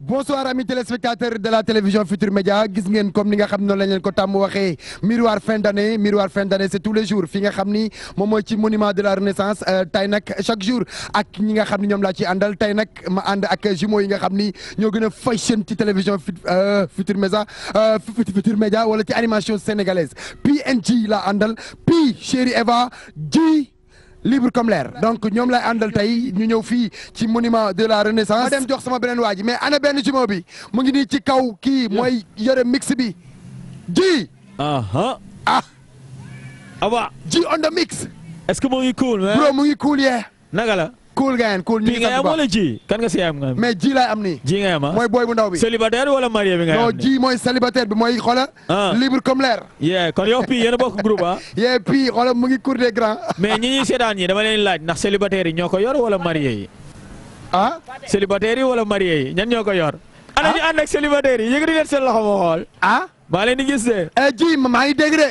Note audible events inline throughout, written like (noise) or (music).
bonsoir amis téléspectateurs de la télévision Futur Média gis ngeen comme ni nga xam noonu lañ leen ko tàmm waxee miroir fin d'année miroir fin d'année c'est tous les jours fi nga xam ni moom mooy ci monument de la renaissance euh, tey nag chaque jour ak ñi nga xam ni ñoom laa ci àndal tey nag ma ànd ak jumeaux yi nga xam ni ñoo gën a fashion ci télévision euh, Futur Média euh, Futur Média wala ci animation sénégalaise PNG laa àndal Pi Chérie Eva ji libre comme l'air donc ñoom lay àndal tey ñu ñëw fii ci monument de la renaissance. ma dem jox sama beneen waa ji mais ana benn jumeau bi mu ngi nii ci kaw kii mooy yore mix bi ji. ah ah. awa ji on the mix. est-ce que mu ngi cool. bro mu ngi cool yee. naka la. cool nga yéen cool ñu ngi sant bu baax nga am wala kan nga si am nga mais ji laay am ji nga ah? mooy booy bu ndaw bi célibataire wala marié bi nga non mooy célibataire bi mooy xoola ah. libre comme l'air yee kon yow pii yéen a bokk groupe ah? (laughs) yee pii xoola mu ngi cour des grands (laughs) mais ñi ñuy seetaan ñi dama leen laaj ndax célibataire yi ñoo ko yor wala marié yi ah célibataire yi wala marié yi ñan ñoo ko yor ana ñu ànd ak célibataire yi yëg di leen seen loxo ma xool ah maa leen di gis de eh, ji maa ngi dégg de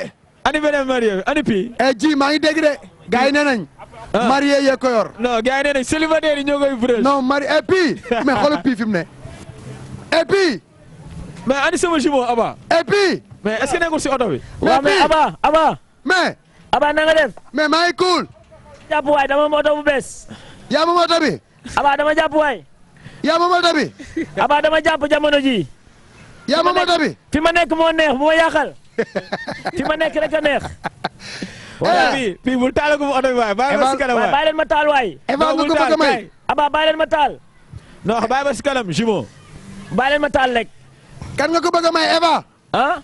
ani beneen marié bi ani pii eh, ji maa ngi dégg de gars yi nee nañ Ah. marié yee ko yor. non yi nee nañ célibataire yi ñoo koy frais. non marié et puis mais xoolal pii fi mu ne. et puis. mais ani sama jumeau Aba. et puis. mais est ce que nekkul si oto Aba Aba. mais. Aba na nga def. mais maa ngi cool. jàpp waay dama moom oto bu bees. yaa Aba dama jàpp waay. yaa moom oto Aba dama jàpp jamono ji yaa moom oto fi ma nekk moo neex bu ma yàqal. fi ma nekk rek a neex. (laughs) Eh, bi bi bul taal ko oto bi waay ma si kanam waay bàyyi ma taal waay Eva nga ko aba bàyyi leen ma taal non bàyyi ma si kanam ma taal kan nga ko bëgg a may Eva ah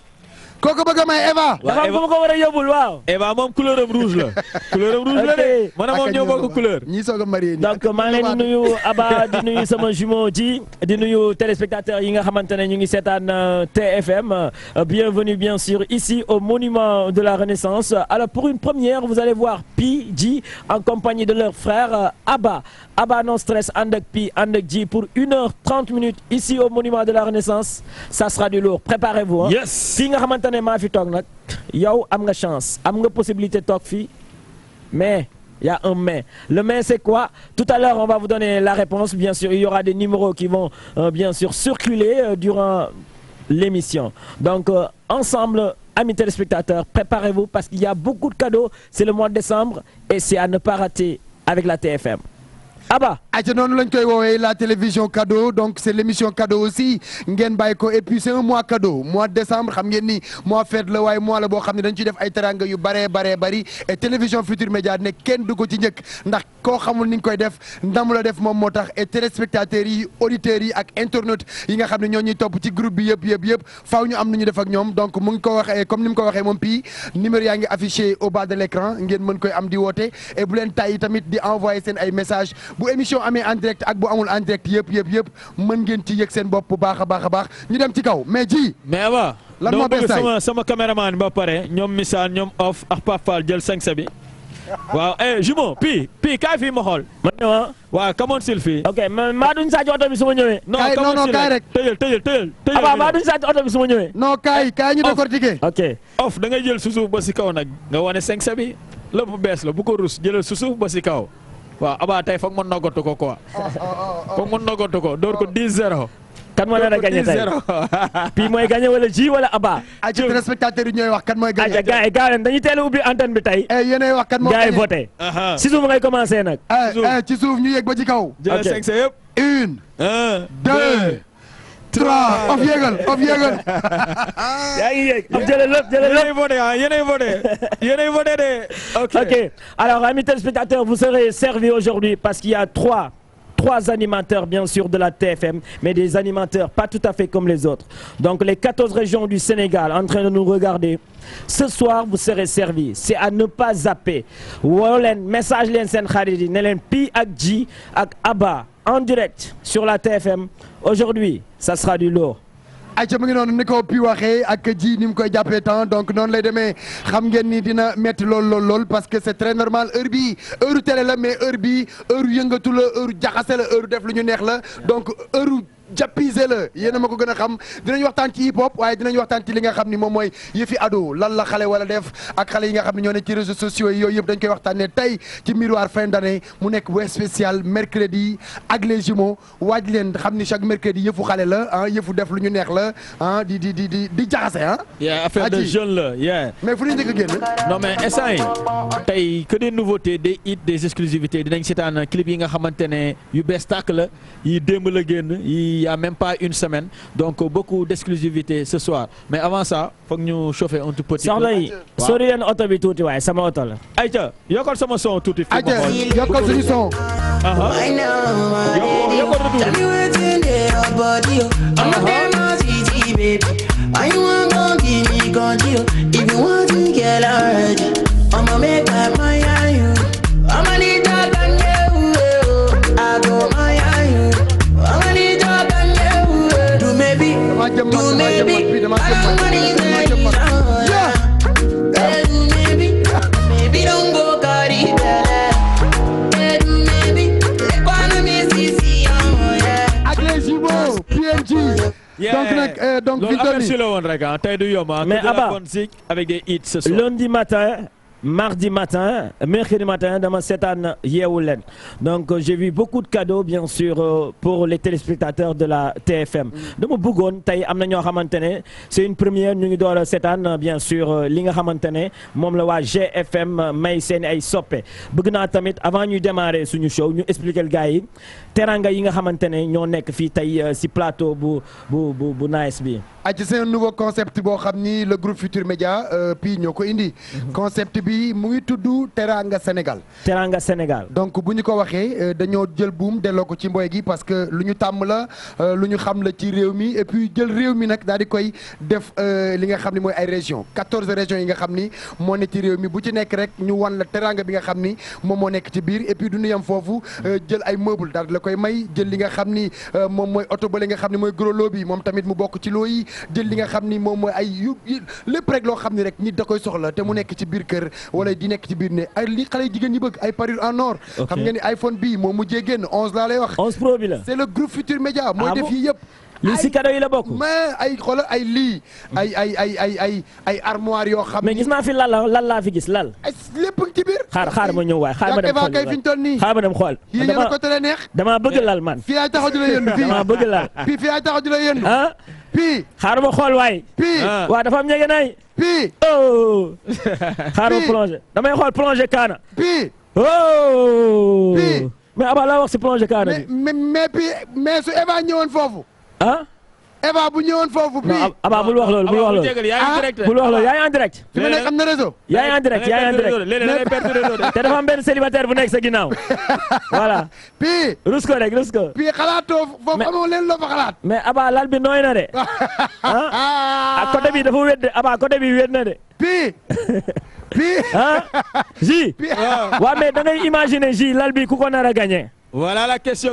kooku bëgg a may Eva. waaw Eva ko war a yóbbul waaw. Eva moom couleur am rouge la. couleur am rouge la de. man moom ñoo bokk couleur. ñii soog a marié donc maa ngi leen di nuyu Aba (laughs) di nuyu sama jumeau ji di nuyu téléspectateurs yi nga xamante ne ñu ngi seetaan euh, TFM euh, bienvenue bien sûr ici au monument de la Renaissance alors pour une première vous allez voir Pi Ji en compagnie de leur frère euh, Aba Aba non stress ànd ak Pi ànd ak Ji pour une heure trente minutes ici au monument de la Renaissance ça sera du lourd préparez-vous hein. yes. ne fi toog nag yow am nga chance am nga possibilité toog fii mais il a un mais le mais c'est quoi tout à l'heure on va vous donner la réponse bien sûr il y aura des numéros qui vont euh, bien sûr circuler euh, durant l'émission donc euh, ensemble amis téléspectateurs préparez-vous parce qu'il y a beaucoup de cadeaux c'est le mois de décembre et c'est à ne pas rater avec la TFM Aba aca noonu lañ koy woowee la télévision cadeau donc c'est l'émission cadeau aussi ngeen bàyyi ko et puis c'est un mois cadeau mois de décembre xam ngeen ni mois fête la waaye mois la boo xam ne dañ ciy def ay teranga yu baree baree bari et télévision Futurs Médias ne kenn du ko ci njëkk ndax koo xamul ni ñu koy def ndam la def moom moo tax e téléspectateurs yi auditeurs yi ak internautes yi nga xam ne ñoo ñuy topp ci groupe bi yëpp yëpp yëpp ñu am nu ñu def ak ñoom donc mu ko waxee comme ni mu ko waxee moom pii numéro yaa ngi affiché au bas ngeen mën koy am di woote et bu leen tamit di envoyer seen ay message bu émission amee en direct ak bu amul en direct yëpp yëpp yëpp mën ngeen ci yëg seen bopp bu baax a baax a baax ñu dem ci kaw mais ji. mais waaw lan moo sama sama ba pare ñoom misaan ñoom off ak jël cinq bi (laughs) waaw eh jumeau pii pii kaay fii ma xool. ma ñëw ah. kamoon sil ok man maa duñ sàcc oto bi su ma ñëwee. non non non kaay oto bi su ma ñëwee. non kaay kaay ñu décortiquer. ok of da ngay jël susuuf ba si kaw nag nga wane 5 bi lépp bees la bu ko rus jëlal susuuf ba si kaw. waaw Aba tey foog ma noggatu ko quoi. Oh, oh, oh, foog ma ko door ko 10-0. kan moo leen a gagné tey (laughs) bii mooy gagné wala ji wala Aba. ayca ah, téléspectateur yi ñooy wax kan mooy gagné. ayca gars yi gars dañuy ubbi antenne bi tey. Eh, yéenay wax kan moo gagné gars yi si suuf ngay commencé nag. Eh, eh, ci suuf ñu yegg ba ci kaw. ok jël 5 une. deux. trois of yéegal of yéegal. (laughs) yaa ngi yéeg of jëlee lépp vous serez servis aujourd'hui parce qu'il y a trois. trois animateurs bien sûr de la TFM mais des animateurs pas tout à fait comme les autres donc les quatorze régions du Sénégal en train de nous regarder ce soir vous serez servis c'est à ne pas zapper woo message leen seen xarit yi ne leen Pi ak Ji ak Abba en direct sur la TFM aujourd'hui ça sera du lourd. ayca mu ngi noonu ni ko pi waxee ak ji ni mu koy jàppee temps donc noonu lay demee xam ngeen ni dina métti lool lool parce que c'est très normal heure bi heure télé la mais heure bi heure yëngatu la heure jaxase la heure def lu ñu neex la donc heure. jàppise la yéen ma ko gën a xam dinañ waxtaan ci hip hop waaye dinañ waxtaan ci li nga xam ni moom mooy yëfi ado lan la xale wala def ak xale yi nga xam ne ñoo ne ci réseaux sociaux yi yooyu yëpp dañ koy waxtaanee tey ci miroir fin d'année mu nekk web spécial mercredi ak les jumeaux waaj leen xam ni chaque mercredi yëfu xale la ah yëfu def lu ñu neex la ah di di di di di jaxase ah. yaa affaire de jeune la mais fu ñu njëkk a génn. non mais instant yi tey que des nouveautés des hits des exclusivités dinañ seetaan yi nga xamante ne yu bees tàkk la yi démb la génn yi il y a même pas une semaine donc beaucoup d'exclusivité ce soir mais avant ça foog ñu chauffer un tout petit peu. soxna yi sori leen oto bi tuuti waaye sama oto la. ayca yokkal sama son tuuti. ayca yokkal suñu son. yokkoo yokkoo tuuti. jëm man damaa jëm man fii damaa jëm man fii damaa jëm man. donc nag eh, donc. loolu am na si la woon rek ah tey du yomb ah. mais Abba avec des hits ce soir lundi matin. mardi matin mercredi matin dama seetaan yeewu leen donc euh, j'ai vu beaucoup de cadeaux bien sûr euh, pour les téléspectateurs de la TFM dama bëggoon tey am na ñoo xamante ne c'est une première ñu ngi door a seetaan bien sûr euh, li nga xamante ne moom la waa GFM may seen ay soppe bëgg naa tamit avant ñuy démarrer suñu show ñu expliquer gars yi teranga yi nga xamante ne ñoo nekk fii tey si plateau bu bu bu bu nice bi. ah c'est un nouveau concept boo xam ni le groupe Futur Média puis ñoo ko indi. Mhm. bi mu ngi tudd Teranga Sénégal. Teranga Sénégal. donc bu ñu ko waxee euh, dañoo jël buum delloo ko ci mbooy gi parce que lu ñu tàmm la euh, lu ñu xam la ci réew mi et puis jël réew mi nag daal di koy def euh, li nga xam ni mooy ay régions quatorze régions yi nga xam ni moo ci réew mi bu ci nekk rek ñu wan la teranga bi nga xam ni moom moo nekk ci biir et du ñu yem foofu jël ay meubles daal la koy may jël li nga xam ni moom mooy oto ba li nga xam ni mooy gros lot moom tamit mu bokk ci looy jël li nga xam ni moom mooy ay yu lépp rek loo xam ni rek nit da koy soxla te mu nekk ci biir kër wala di nekk ci ne ay li xale jigéen ñi ay parure en or. xam nga ni iPhone bii moom mujjee génn 11 pro bi la c'est le groupe Futur Média. Ah mooy def yi yëpp. lii si cadeau yi la bokk mais ay xoolal ay lii ay ay ay ay ay yoo xam mais naa fi lal lal laa fi gis lal ay lépp ci biir xaar xaar ma ñëw waay xaar ma dem xool kay fi ñu toll nii xaar ma dem a lal man fii ay taxaw di la yëndu fii ah pii xaaral mo xool waay. Ah. waa waaw dafa am ñegenaay. pii oh. (laughs) xaaral ma plongé damay xool plongé kaana. pii oh. pii mais laa wax si plongé kaana bi. mais mais pii su Eva ñëwoon foofu. ah. Eva bu ñëwoon foofu. bii non Aba bul wax loolu bul wax loolu. ah bul wax loolu yaa direct. te dafa benn célibataire bu nekk sa ginnaaw (laughs) voilà. pii rek rus ko. pii xalaatoo foofu amoo leen loo fa xalaat. mais Aba lal bi nooy na de. (laughs) Ah? ah côté bi dafa wéet de Aba côté bi wéet na de. pii pii. ji. waaw mais da ngay ji lal bi ku ko nar a gagné. la question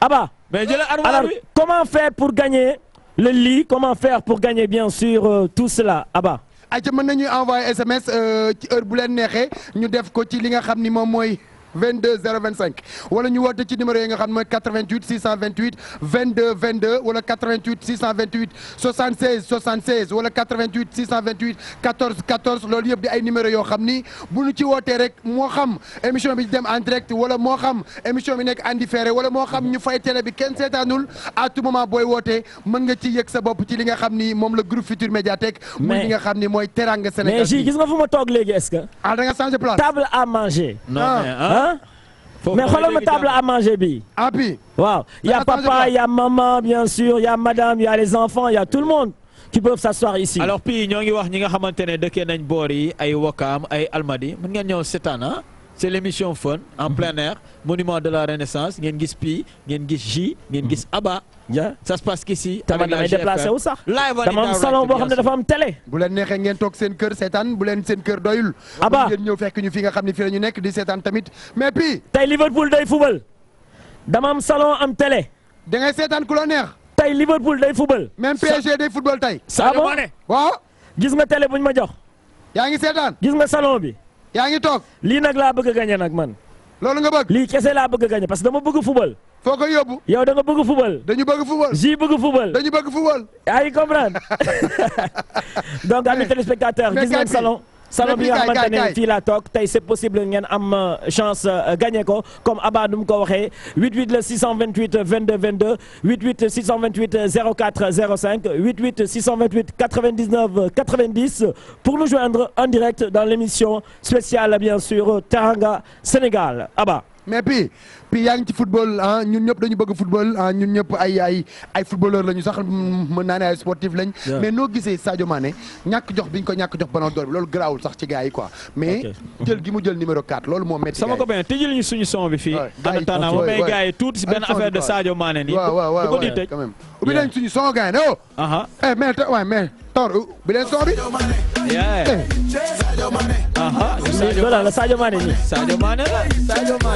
Aba. mais jël armoire alors comment faire pour gagner le lit comment faire pour gagner bien sûr euh, tout cela Abba. ayca mën nañuy envoyer SMS euh, ci heure bu leen neexee ñu def ko ci li nga xam ni moom mooy. 22 025 wala ñu woote ci numéro yi nga xam mooy 88 628 22 22 wala 88 628 76 76 wala 88 628 14 14 loolu yëpp wootee rek moo xam émission bi dem en direct wala moo xam émission bi nekk en différé wala moo xam ñu fay télé bi kenn seetaanul à tout moment booy wootee mën nga ci yëg sa bopp ci li nga xam ni moom la groupe Futur Médiathèque. mais li nga xam ni mooy teranga Sénégal mais gis nga fu ma toog léegi est-ce que. ah nga changé place. table à manger. Ah. ah. mais xoolal ma table à manger bi. ah puis. waaw y' a papa y' a maman bien sûr y' a madame y' a les enfants y' a tout le monde. qui peuvent s'asseoir ici. alors puis ñoo ngi wax ñi nga xamante ne dëkkee nañ boor yi ay Wakaam ay Almadi mën ngeen ñëw seetaan ah. c'est l'émission fun en mhm. plein air monument de la renaissance ngeen gis Pi ngeen gis J ngeen gis mhm. Aba. ça se passe ici. tamit damay déplacé wu sax. dama am salon boo xam ne dafa am télé. bu leen neexee ngeen toog seen kër seetaan bu leen seen kër doyul. Aba ngeen ñëw fekk ñu fi nga xam ne fi la ñu nekk di seetaan tamit mais Pi. tey Liverpool day fubal. dama am salon am tele da ngay seetaan ku la neex. tey Liverpool day fubal. même PSG day football tey. Sadio Mané waaw. gis nga télé buñ ma jox. yaa ngi seetaan. gis nga salon bi. yaa ngi toog lii nag laa bëgg a nag man loolu nga bëgg lii kese laa bëgg a parce que dama bëgg fubal foo koy yo yow da nga bëgg fubal dañu bëgg fubal ji bëgg fubal dañu bëgg fubal yaa ngi comprendre (laughs) (laughs) donc amis téléspectateurs gis ngeen salon salon bi nga xamante toog tey c'est ngeen am euh, euh, ko comme Aba nu ko waxee 88 la 628 22 22 88 628 04 05 88 628 99 90 pour nous joindre en direct dans l'émission spéciale bien sûr Teranga Sénégal Aba mais puis yaa ngi ci football ah ñun ñëpp dañu bëgg football ah ñun ñëpp ay ay ay footballeur lañu sax mën naa ne ay sportif lañ. mais noo gisee Sadio Mané ñàkk jox bi ko ñàkk jox ballon d'or bi loolu garaawul sax ci gars yi quoi. mais jël gi mu jël numéro 4 loolu moo métti. sama copain tëjil ñu suñu son bi fii. waay waay waay gars yi tuuti si benn affaire de Sadio Mané nii. waaw waaw waaw waaw quand même. ubbi nañ suñu son gars yi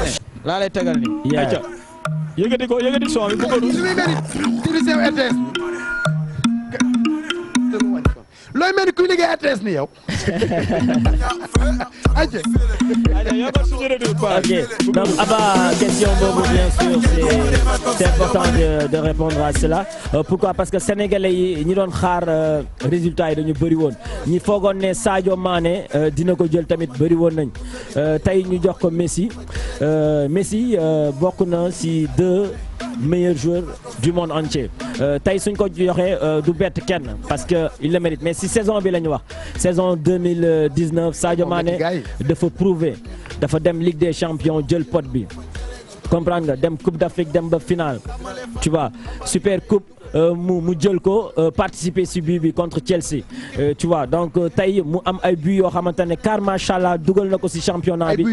eh laa lay tegal nii. looy mel kuy liggéey RTS ni yow. (laughs) ok donc Abba question boobu bien sûr c'est important de répondre à cela euh, pourquoi parce que sénégalais yi ñi doon xaar euh, résultat yi dañu bëri woon ñi foogoon ne Sadio euh, dina ko jël tamit bëri woon nañ tey ñu jox ko Messi. Euh, Messi euh, bokk na si deux meilleurs joueurs du monde entier euh, tey suñ ko joxee du bett kenn parce que il le mérite mais si saison bi la ñu wax saison 2019 Sadio Mané dafa prouver dafa dem Ligue des champions jël pot bi comprendre dem Coupe d'Afrique dem ba finale super coupe Euh, mu mu jël ko euh, participer si but bi contre Chelsea euh, tu vois donc tey mu am ay buts yoo xamante ne car macha allah dugal na ko si championnat bi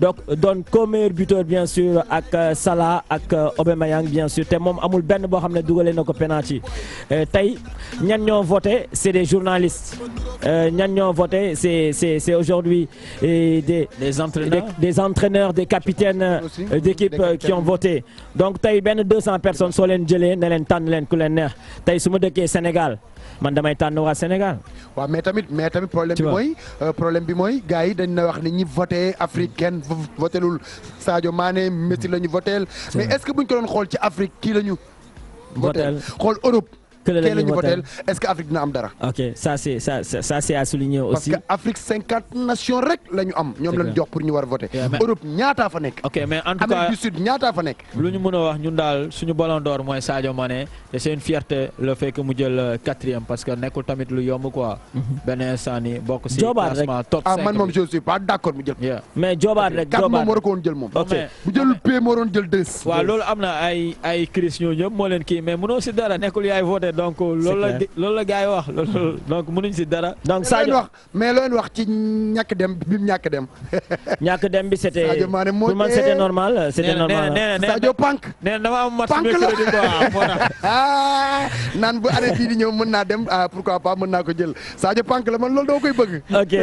donc doon ko meilleur buteur bien sûr ak Salah ak Aubameyang bien sûr te moom amul benn boo xam ne dugalee na ko penalty tey ñan ñoo voté c'est des journalistes ñan ñoo voté c'est c'est c'est aujourd'hui des des entraîneurs des entraîneurs des capitaines d'équipe qui ont voté donc tey benn 200 personnes soo leen jëlee ne tànn leen ku leen neex tey su ma dëkkee Sénégal man damay tànn waa Sénégal. waaw mais tamit mais tamit problème bi mooy. Euh, problème bi mooy gars yi dañ na wax ni ñi voté Afrique kenn votelul Sadio Mané Messi la ñu voteel mais est-ce que buñ ko doon xool ci Afrique kii la ñu. voteel xool Europe. kële la ñuy votel est-ce que Afrique dina am dara. ok ça c'est ça ça c'est à souligner rek la am. ñoom lañ jox pour ñu war a Europe ñaataa fa nekk. ok mais en du Sud ñaataa fa nekk. lu ñu mën a wax ñun daal suñu ballon d'or mooy Sadio Mané te c'est une fierté le fait que mu euh, parce que nekkul tamit lu yomb quoi. Mhm. benn bokk si. joobaat rek ah, man moom je suis pas d'accord mais joobaat rek joobaat rek 4 moom ko woon jël moom. ok bu jëlul P moo waroon am na ay ay crise ñoo ñëpp moo donc loolu la loolu la gars yi wax loolu donc mënuñ si dara. donc Sadio wax mais looy wax ci ñàkk dem bi mu ñàkk dem. (laughs) ñàkk dem bi c' était Sadio Mané moo normal c' était normal Sadio Pank. nee na dafa am match mercredi quoi (laughs) ah, naan bu année bii di ñëw mën naa dem ah, pourquoi pas mën naa ko jël Sadio Pank la man loolu doo koy bëgg. ok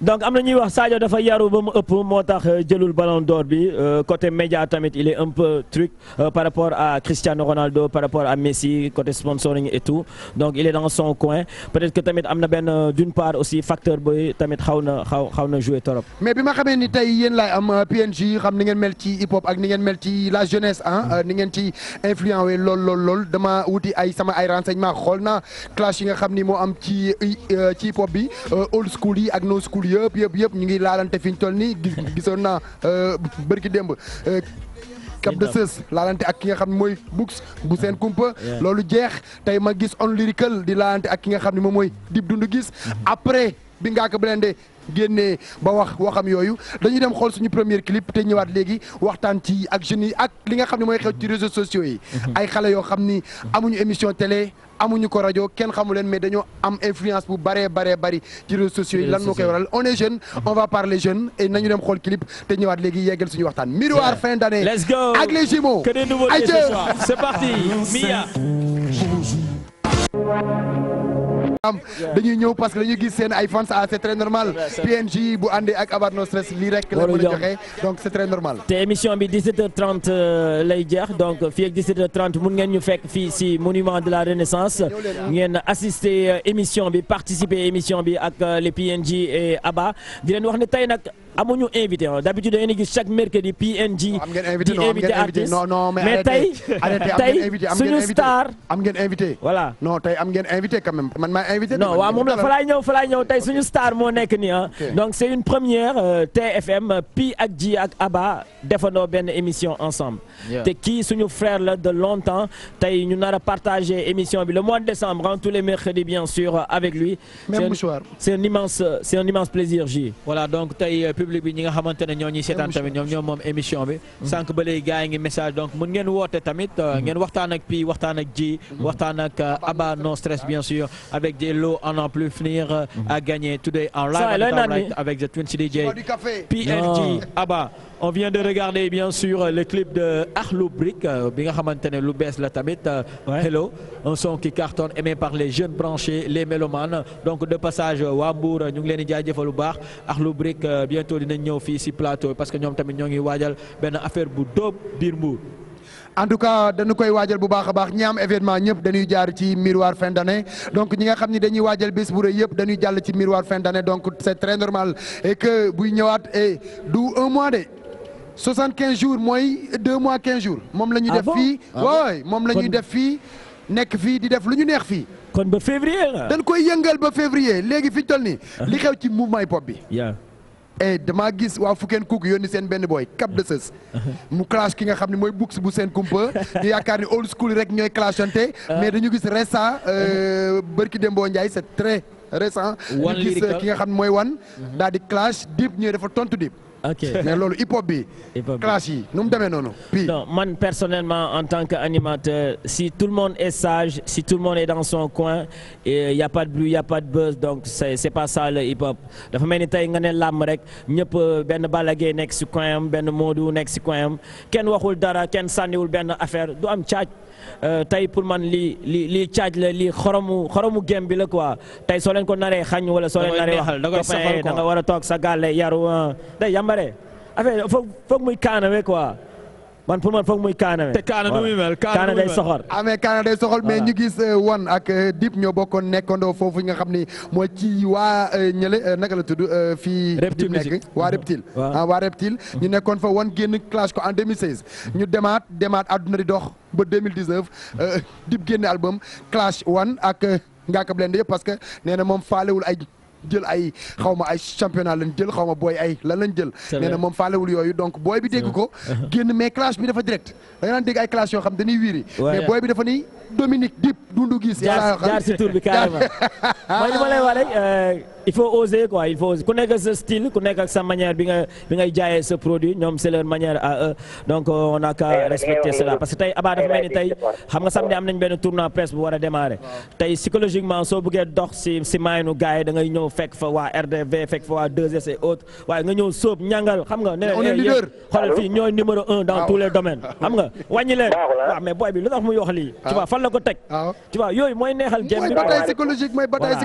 donc am na ñuy wax saajo dafa yaru ba mu ëpp moo tax euh, jëlul ballon d'or bi euh, côté média tamit il est un peu truc euh, par rapport à Cristiano Ronaldo par rapport à Messi côté sponsoring et tout donc il est dans son coin peut-être que tamit am na benn euh, d'une part aussi facteur bi tamit xaw na xaw xaw mais bi ma xamee ni tey yéen laay am euh, PNJ xam ni ngeen mel ci hip hop ak ni ngeen mel ci la jeunesse ah ni ngeen ci influent wee lool lool lool dama wuti ay sama ay renseignement xool na clash yi nga xam ni moo am ci ci hip hop bi old school yi ak no school yëpp yëpp yëpp ñu ngi laalante fi ñu toll nii na naa bërki démb Cap de Seus laalante ak ki nga xam ne mooy Books bu seen kumpa loolu jeex tey ma gis on lyrical di laalante ak ki nga xam ne moom mooy dib dund gis mm-hmm. après bi Ngaaka Blindé génnee ba wax waxam yooyu dañuy dem xool suñu premier clip te ñëwaat léegi waxtaan ci ak jeunes yi ak li nga xam ne mooy xew ci réseaux sociaux yi. Mhm. ay xale yoo xam ni amuñu émission télé amuñu ko rajo kenn xamu leen mais dañoo am influence bu bëree bëree bëri ci réseaux sociaux yi lan moo koy waral on est jeune mhm. on va parler jeune et nañu dem xool clip te ñëwaat léegi yeggal suñu waxtaan. miroir fin d'année let's go ak les jumeaux. que des nouveautés ce soir c'est parti Mia. am dañuy ñëw parce que dañuy gis seen ay ah c'est très normal PNJ bu àndee ak Abar No Stress lii rek la mën a joxe donc c'est très normal te émission bi euh, lay jeex donc fii ak mun ngeen ñu fekk fii si monument de la renaissance ah. ngeen assister euh, émission bi participer émission bi ak euh, les PNJ et Abba di wax ne tey nag amuñu invité ah d' habitude da ngeen gis chaque mercredi PNG. di invité artiste non non mais tey tey suñu star. am ngeen invité voilà non tey am ngeen invité quand même man maa invité. non waaw moom la fa laay ñëw fa laay ñëw tey suñu star moo nekk nii ah. donc c' est une première euh, TFM Pi ak Ji ak Aba defandoo benn émission ensemble. te kii suñu frère la de longtemps tey ñu nar a partager émission bi le mois de décembre en tous les mercredis bien sûr avec lui. même c' est un immense c' est un immense plaisir Ji. voilà donc tey. Euh, public bi ñi nga xamante ne ñoo ñuy seetaan tamit ñoom ñoom moom émission bi mm-hmm. sànq ba léegi gars message donc mun ngeen woote tamit euh, mm-hmm. ngeen waxtaan ak Pi waxtaan ak Ji mm-hmm. waxtaan ak euh, Abba no stress bien sûr avec des lots à plus finir euh, à gagner today en live avec the Twin City DJ PNG Abba on vient de regarder bien sûr le clip de Akhlou Brick euh, bi nga xamante ne lu bees la tamit. Euh, Hello un son qui cartonne aimé par les jeunes branchés les mélomanes donc de passage euh, waa Mbour ñu ngi leen di jaajëfal bu baax Akhlou Brick bientôt dinañ ñëw fii si plateau parce que ñoom tamit ñoo ngi waajal benn affaire bu dóob biir Mbour. en tout cas dañu koy waajal bu baax a baax ñi am événement ñëpp dañuy jaar ci miroir fin d'année donc ñi nga xam ni dañuy waajal bés bu rëy yëpp dañuy jàll ci miroir fin d'année donc c'est très normal et que buy ñëwaat et mois de. quinze jours mooy 2 mois quinze jours. moom la ñuy ah def fi ah waay moom la ñuy def fii nekk fii di def lu ñu neex fii. kon ba février la. dañ koy yëngal ba février léegi fi ñu toll nii. Ah. li xew ci mouvement hip hop bi. et eh, damaa gis waa fu fukkeen kooku yónni seen benn booy cap de sës mu clash ki nga xam ne mooy books bu seen kumpa ñu (laughs) yaakaar ni old school rek ñooy clashante mais dañu gis récent euh, bërki Dembo Ndiaye c'est très récent ñu gis euh, ki nga xam ne mooy wan mhm. daal di clash dip ñooy dafa tontu dip ok (laughs) mais loolu hip bi. hip yi nu mu demee noonu. puis man personnellement en tant que animateur si tout le monde est sage si tout le monde est dans son coin il y a pas de bruit il pas de buzz donc c'est c'est pas ça le hip hop dafa mel ni tey nga ne làmb rek ñëpp euh, benn Balla Gaye nekk si coin am benn Modou nekk si coin am kenn waxul dara kenn sànniwul benn affaire du am caaj. Euh, tey pour man lii li lii caaj la lii xoromu xoromu gem bi la quoi tey soo leen ko naree xañ wala soo leen naree wax copain nga war a toog sa gàlle yaru day yambare a foog foog muy kaanawe quoi man pour man foog muy kaana te kaana nu muy mel kaana day soxor amee ah, kaana day soxor mais ñu gis euh, wan ak euh, dip ñoo bokkoon nekkandoo foofu nga xam ni mooy ci waa euh, ñële naka la tudd fii dip nekk waa reptile ah waa reptile mm-hmm. ñu nekkoon fa wan génn clash ko en 2016 mm-hmm. ñu demaat demaat àdduna di dox ba 2019 dip génne album clash wan ak Ngaaka Blindé yëpp parce que nee na moom faalewul ay jël ay xaw ma ay championnat lañ jël xaw ma booy ay lan lañ jël nee na moom faalewul yooyu donc booy bi dégg ko uh-huh. génn mais clash bi dafa direct ay clash yoo xam dañuy wiiri mais booy bi dafa Dominique Dip dundu gis jaar si tour bi (laughs) carrément (laughs) mooy li euh, il faut oser ku nekk ak sa style ku nekk sa manière bi nga bi ngay jaayee sa produit ñoom c'est leur manière à eux donc euh, on a qu'à respecter cela parce tey Abba dafa mel tey xam nga samedi am nañ benn tournoi presse a fekk fa waa RDV fekk fa waa 2S et autres waaye nga ñëw sóob ñàngal xam nga. ne leen yéen xoolal fii ñooy numéro un dans tous les domaines. xam nga wàññi leen. Ah. waaw booy bi lu tax muy wax lii. tu ah. vois fan la ko teg. waaw ah. tu yooyu mooy neexal. jéem bi mooy bataille psychologique mooy bataille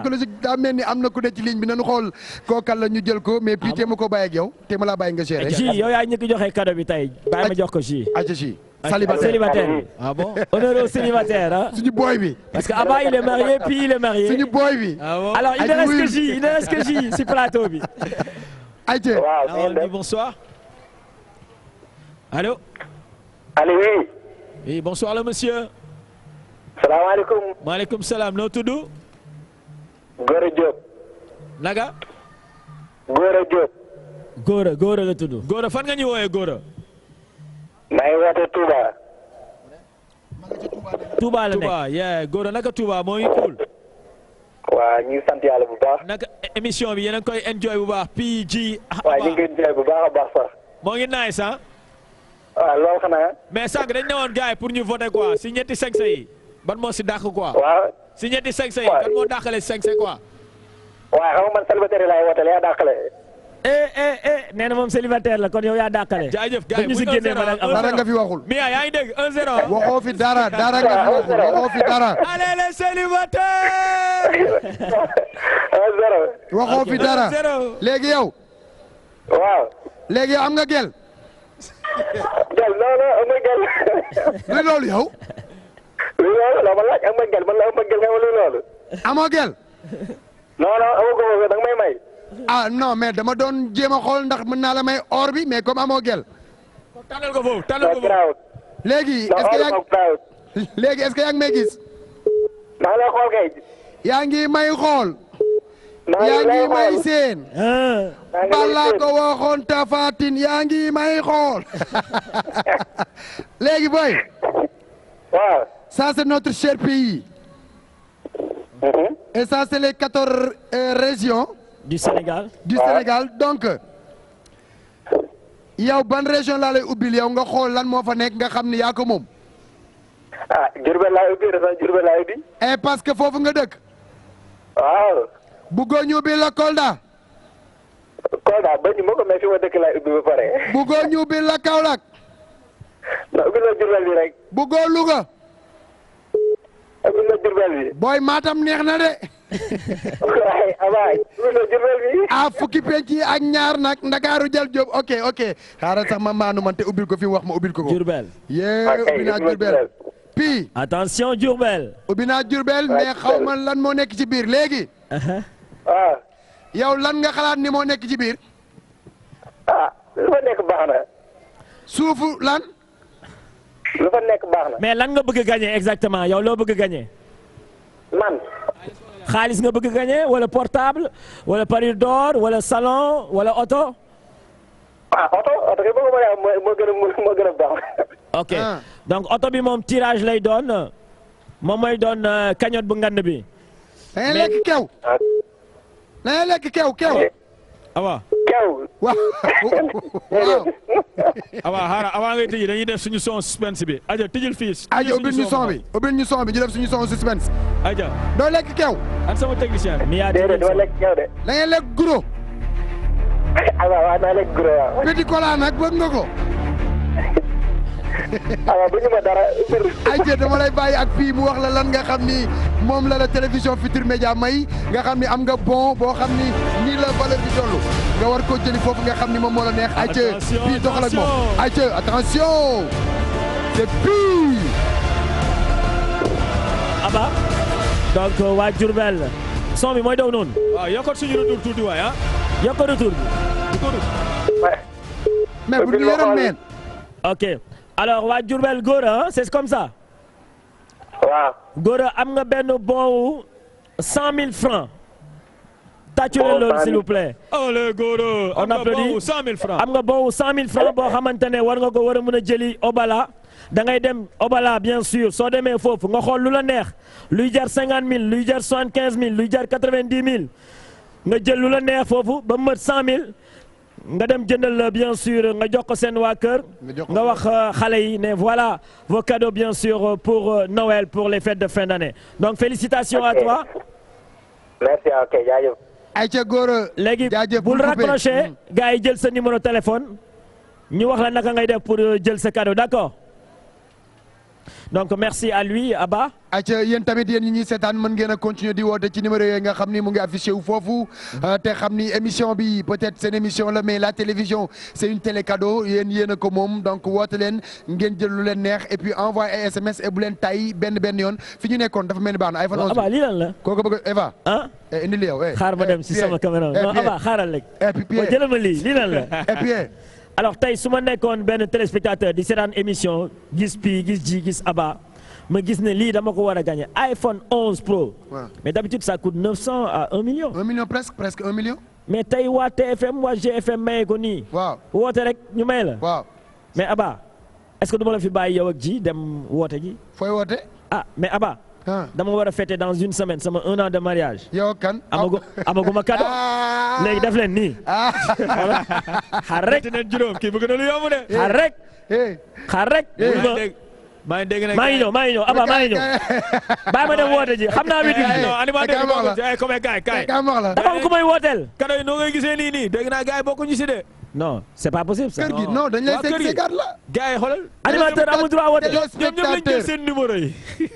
na ku ne ci ligne xool kookal la ñu jël ko mais puis téema ko bàyyi ak yow téema laa bàyyi nga gérer. ji yow yaa ñëkk joxe cadeau bi tey bàyyi ma jox ko ji. célibataire célibataire. ah bon (laughs) honneur aux célibataires ah. suñu boy bi. parce que Abba il est marié puis il est marié. suñu boy bi. Ah alors il ne reste que J il ne reste que J si plateau bi. ayca waaw bonsoir. allo. allo oui. oui bonsoir le monsieur. salaamaaleykum. maaleykum salaam noo tudd. Gora Diop. Naga. Gora Diop. Gora Gora la tudd. Gora fan nga ñu woowee Gora. may woote Touba. Touba la nekk Touba yeah góor a naka Touba mooy cool. waa ñu ngi sant yàlla bu baax. naka émission bi yéen a ngi koy enjoy bu baax PG. waaw ñu ngi koy enjoy bu baax a baax sax. moo ngi naay ah. sax. waaw loolu xanaa. mais sànq dañ ne woon gars yi pour ñu voter quoi si ñetti 5 yi ban moo si dàq quoi. waaw si ñetti 5 yi. waaw kan moo dàqale 5 quoi. waaw xam nga man célibataire laay woote la Eh, eh, eh. nee na moom célibataire la kon yow yaa dàqale. jaajëf gars yi bu ñu génnee nga fi waxul. Mia yaa ngi dégg 1-0. waxoo fi dara nga fi waxul (laughs) waxoo fi dara. allez les célibataires. (laughs) am nga gel. gel non non gel. (laughs) lu loolu yow. lu loolu gel man la gel nga ma gel. ah non mais dama doon jéem a xool ndax mën naa la may or bi mais comme amoo gel. tànnal ko foofu tànnal ko foofu. léegi est-ce que yaa ngi may gis. maa yaa ngi may xool. Ah. yaa ngi may seen. balaa ko waxoon tafaatin yaa may xool. (laughs) léegi boy. waaw. ça notre cher pays. Mm-hmm. et ça c'est les quatorze euh, régions. du Sénégal. du Sénégal donc. yow ban région laa lay ubbil yow nga xool lan moo fa nekk nga xam ni yaa ko moom. ah Diourbel laay ubbi dafa Diourbel laay ubbi. eh parce que foofu nga dëkk. waaw. bëggoo ñu ubbil la Kolda. Kolda ba ubbil la Kaolack. bi rek. bëggoo Louga. ubbil la Diourbel bi. booy Matam neex na de. waaye fukki penc ak ñaar nag ndakaaru jël job ok ok xaaral sax ma maanu man te ko fi wax ma ubbil ko ko. yee ubbi naa pii attention Diourbel. ubbi naa Diourbel xaw ma lan moo nekk ci biir léegi. waaw. lan nga xalaat ni moo nekk ci biir. ah lu fa nekk baax na. suufu lan. lu fa nekk baax na. mais lan nga bëgg a exactement yow loo bëgg a man. xaalis nga bëgga gagné wala portable wala pari d'or wala salon wala oto. ah oto oto bi bëgg donc oto bi moom tirage lay doon moom mooy doon euh, cagnotte bu ngand bi. da ngay lekk kew. Ah. awa Thiaw waaw waaw (laughs) awa xaaral awa ngay tëji dañuy def suñu son suspense bi aja tëjil fii aja ubbil ñu son bi ubbil ñu son bi ñu def suñu son suspense aja doo lekk kew ak sama technicien mi yaa doo lekk kew de da ngeen lekk guro (laughs) awa waaw naa lekk guro waaw petit cola nag bëgg nga ko (laughs) Ah waaw duñu ma dara. ayca dama lay bàyyi ak fii mu wax la lan nga xam ni moom la la télévision Futur Média may nga xam ni am nga bon boo xam ni nii la valeur bi toll nga war ko jëli foofu nga xam ni moom moo la neex. ayca fii doxal ak moom ayca donc euh, waa Diourbel son bi mooy daw noonu. waaw ah, yokkal suñu retour tuuti waay ah. yokkal retour bi. mais bu ñu ok. alors waa Diourbel góor a c'est comme ça. waaw góor am nga benn bon wu mille francs. tàccu leen loolu s'il vous plaît. am nga bon wu mille francs boo xamante ne war nga ko war a mën a jëli Obala. da ngay dem Obala bien sûr soo demee foofu nga xool lu la neex luy jar cinquante mille luy jar soixante quinze mille luy jar quatre vingt dix mille nga jël lu la neex foofu ba mu mat mille. nga dem jëndal euh, bien sûr nga jox ko seen waa kër nga wax euh, xale yi ne voilà vos cadeaux bien sûr euh, pour Noël pour les fêtes de fin d'année donc félicitations à toi. merci ok jaajëf. ayca góor léegi bul raccroché mm. gars yi jël sa numéro téléphone ñu wax la naka ngay def pour jël sa cadeau d'accord. donc merci à lui Abba. acca yéen tamit yéen ñi ñuy seetaan mën ngeen a continuer di woote ci numéro yooyu nga xam ni mu ngi affiché wu foofu mhm. euh, te xam ni émission bi peut-être seen émission la mais la télévision c'est une télé cadeau yéen a ko moom donc woot leen ngeen jël lu leen neex et puis envoyé ay SMS et bu leen tay benn benn yoon fi ñu nekkoon dafa mel ni baax na. iPhone 11 Abba lii lan la. kooku bëgg Eva. ah eh, indi li eh. xaar ma dem eh, si sama caméra non Abba xaaral alors tey su ma nekkoon benn téléspectateur di seetaan émission gis pii gis ji gis aba ma gis ne lii dama ko war a gagné iPhone 11 Pro. waaw mais d'habitude ça coûte 900 à 1 million. 1 million mais tey waa TFM waa GFM maye ko nii. waaw woote rek ñu may la. waaw mais Aba est-ce que du ma la fi bàyyi yow ak ji dem woote ji. fooy woote. ah mais Aba. dama war a fêter dans une semaine sama un an de mariage. yow kan amagu ah. amaguma cadeau. Ah. léegi def leen nii. Ah. xaar rek juróom kii bëgg na lu yomb de. xaar rek. xaar rek. maa ngi dégg nag maa ngi ñëw maa ngi ñëw Aba maa ngi ñëw (laughs) bàyyi ma dem woote ji xam naa witti bi. non animateur bi bokkul ci ay non c'est pas possible ça. kër gi non dañ lay seet seegaat la. gars yi xoolal. animateur amul droit woote ñoom ñoom lañ jël seen numéro yi.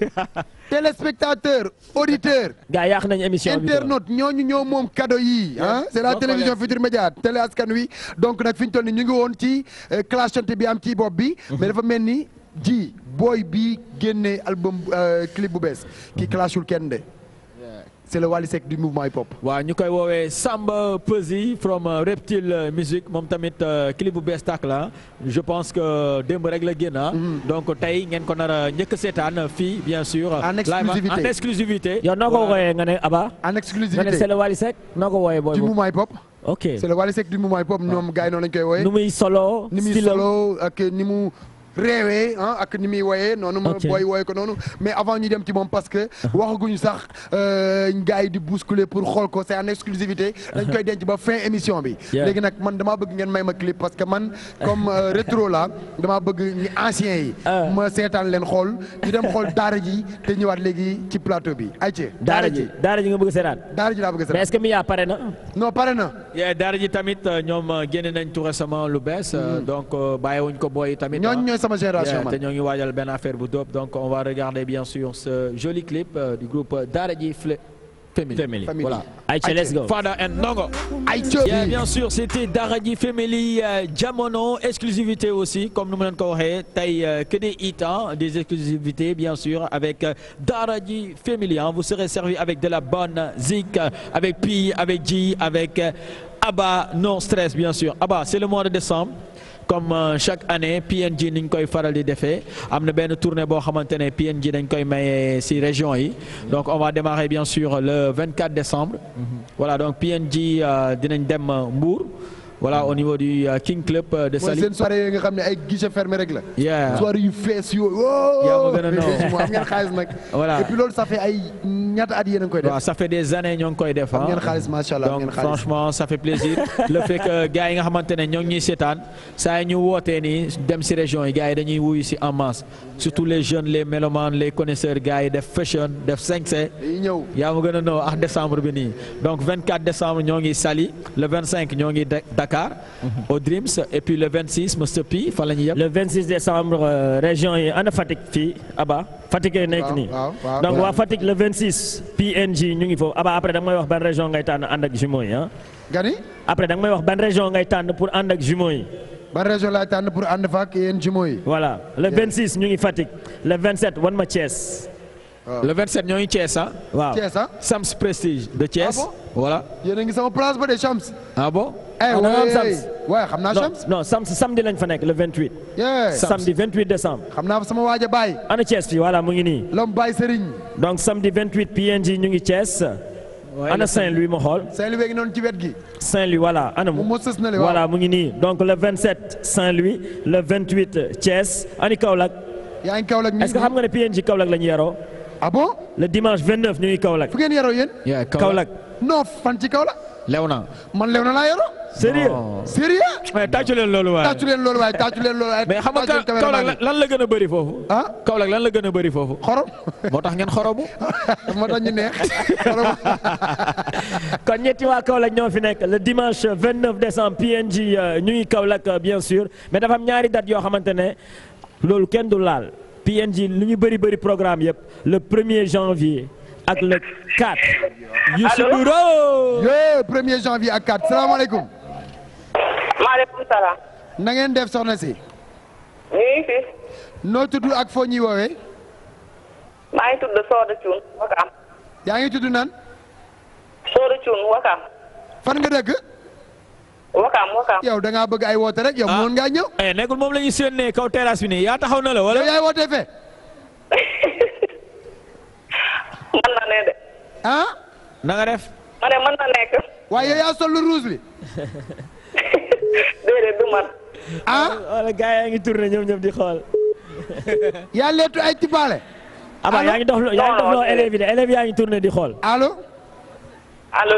(laughs) téléspectateur auditeur. gars yàq nañu émission bi internaute ñooñu ñoo moom cadeau yi ah. c'est la télévision Futur Média télé askan wi donc nag fi ñu toll nii ñu ngi woon ci euh, clashante bi am ci bopp bi. Mhm. mais dafa mel ni ji booy bi génnee album euh, clip bu bees. ki clashul kenn de. c'est le Wally Seck du mouvement hip hop. waaw ñu koy woowee Samba Peuzzi from euh, Reptile Music moom tamit euh, clip bu bees tàkk la je pense que démb rek la génn ah. mm-hmm. donc tey ngeen ko nar a njëkk seetaan fii bien sûr. en ah, exclusivité en exclusivité. yow noo ko wooyee nga ne Aba. c'est le Wally Seck noo ko wooyee booy. du mouvement hip hop. ok c'est le Wally Seck du mouvement hip hop ñoom ah. gars yi noonu lañu koy wooyee. ni muy solo. ni muy solo ni mu. réewee ak ni muy wooyee noonu ma booy wooy ko noonu mais avant ñu dem ci moom parce que uh-huh. waxaguñu sax euh, gars yi di bousculer pour xool ko se en exclusivité uh-huh. dañ koy denc ba fin émission bi léegi nag man damaa bëgg ngeen may ma clip parce que man comme euh, (laughs) retro la damaa bëgg ñu anciens yi ah. ma seetaan leen xool ñu dem xool daara ji te ñëwaat léegi ci plateau bi ayce daara ji daara ji nga bëgg seetaan daara ji laa bëgg seetaan mais est mi yaa pare na non pare na daara ji tamit euh, ñoom génne nañ tout récemment lu bees hmm. donc bàyyiwuñ ko booy tamit sama génération man. te ñoo ngi bu dope on va regarder bien sûr ce joli clip euh, du euh, Family. Family. Jamono exclusivité aussi comme nu mu leen ko waxee tey euh, que des hits des exclusivités bien sûr avec euh, Daara J Family hein. vous serez servi avec de la bonne zik avec Pi avec J avec euh, Abba non stress bien sûr Abba c'est le mois de décembre comme euh, chaque année PNG ni ñu koy faral di defee am na benn tournée boo xamante ne PNG dañ koy maye ci région yi donc on va démarrer bien sûr le 24 décembre mm-hmm. voilà donc PNG euh, dinañ dem Mbour voilà au niveau du euh, King Club euh, de Saly. mooy nga xam ne ay guichet fermé rek la. yaa soirée yu ma gën a noo am ngeen xaalis nag. voilà loolu ça ay ñaata at yéen a ngi koy def. waaw ça fait ñoo ngi koy def. am ngeen ah. xaalis macha allah franchement ça plaisir. le fait que yi nga xamante ne ñoo ngi ñuy seetaan saa yi ñu wootee nii dem si région yi gars yi dañuy wuy si en masse surtout les jeunes les mélomanes les connaisseurs gars yi def fashion def 5C. ñëw yaa ma gën a noo ak décembre bi nii donc 24 décembre ñoo ngi Saly le 25 ñoo ngi Dakar Dakar. au ma sëppi fa la ñuy yem. le 26 décembre euh, région yi ana fii Aba. Fatick nekk nii donc waa Fatick le PNG ñu foofu Aba après da nga région ngay tànn ànd ak jumeaux yi gani. après da nga région ngay tànn pour ànd ak jumeaux yi. ban région laay tànn pour ànd ak yéen yi. voilà le 26 ñu ngi Fatick le 27 wan ma Thiès. le 27 ñoo ngi Thiès ah. waaw Thiès Sams Prestige de Thiès. Ah voilà yéen a ngi sama place ba Sams. ah bon. non Sams. waaw xam naa Sams. non Sams samedi lañ fa nekk le 28. samedi décembre. xam naa sama waaj a ana Thiès fii voilà mu ngi nii. l'homme Baye Serigne. donc samedi 28 PNJ ñu ngi Thiès. ana Saint-Louis ma xool. Saint-Louis ngi noonu ci wet gi. Saint-Louis voilà ana mu. voilà mu ngi nii donc le 27 Saint-Louis le 28 Thiès ani Kaolack. yaa ngi Kaolack est-ce que xam nga ne PNJ Kaolack lañu yaroo. ah bon le dimanche ngeen yaroo yéen. Kaolack non fan ci Kaolack. lew na man lew na laa yoro sérieux mais tàccu leen loolu waaye tàccu leen loolu waaye tàccu leen loolu waaye mais xam nga Kaolack lan la gën a bëri foofu ah Kaolack lan la gën a bëri foofu xorom moo tax ngeen xoromu (laughs) moo tax ñu neex xorom (laughs) kon ñetti waa Kaolack ñoo fi nekk le dimanche 29 décembre PNJ euh, ñu ngi Kaolack euh, bien sûr mais dafa am ñaari date yoo xamante ne loolu kenn du laal PNJ lu ñu bëri bëri programme yëpp le premier janvier ak le 4. Youssou Ndour. Oh! yee premier janvier ak 4 salaamaaleykum. maaleykum salaam. na ngeen def soxna si. ñu ngi noo tudd ak foo ñuy woowee. maa ngi tudd Soda Thioune Wakaam. yaa ngi tudd nan. Soda Thioune Wakaam. fan nga dëkk. Wakaam Wakaam. yow da ngaa bëgg ay woote rek yow ah. mënoon ngaa ñëw. Eh, nekkul moom la ñuy séen kaw terrasse bi nii yaa taxaw na la wala. yow yaay woote fe (laughs) mën na ne de. ah. na nga def. ma na nekk. waaye yaa sol lu rouge li. (laughs) du man. ah wala gars yaa ngi tourné ñoom ñoom di xool. (laughs) yaa leetu ay tibaale. aba yaa ngi dox yaa ngi dox loo élèves de élèves yaa ngi tourné di xool. allo. allo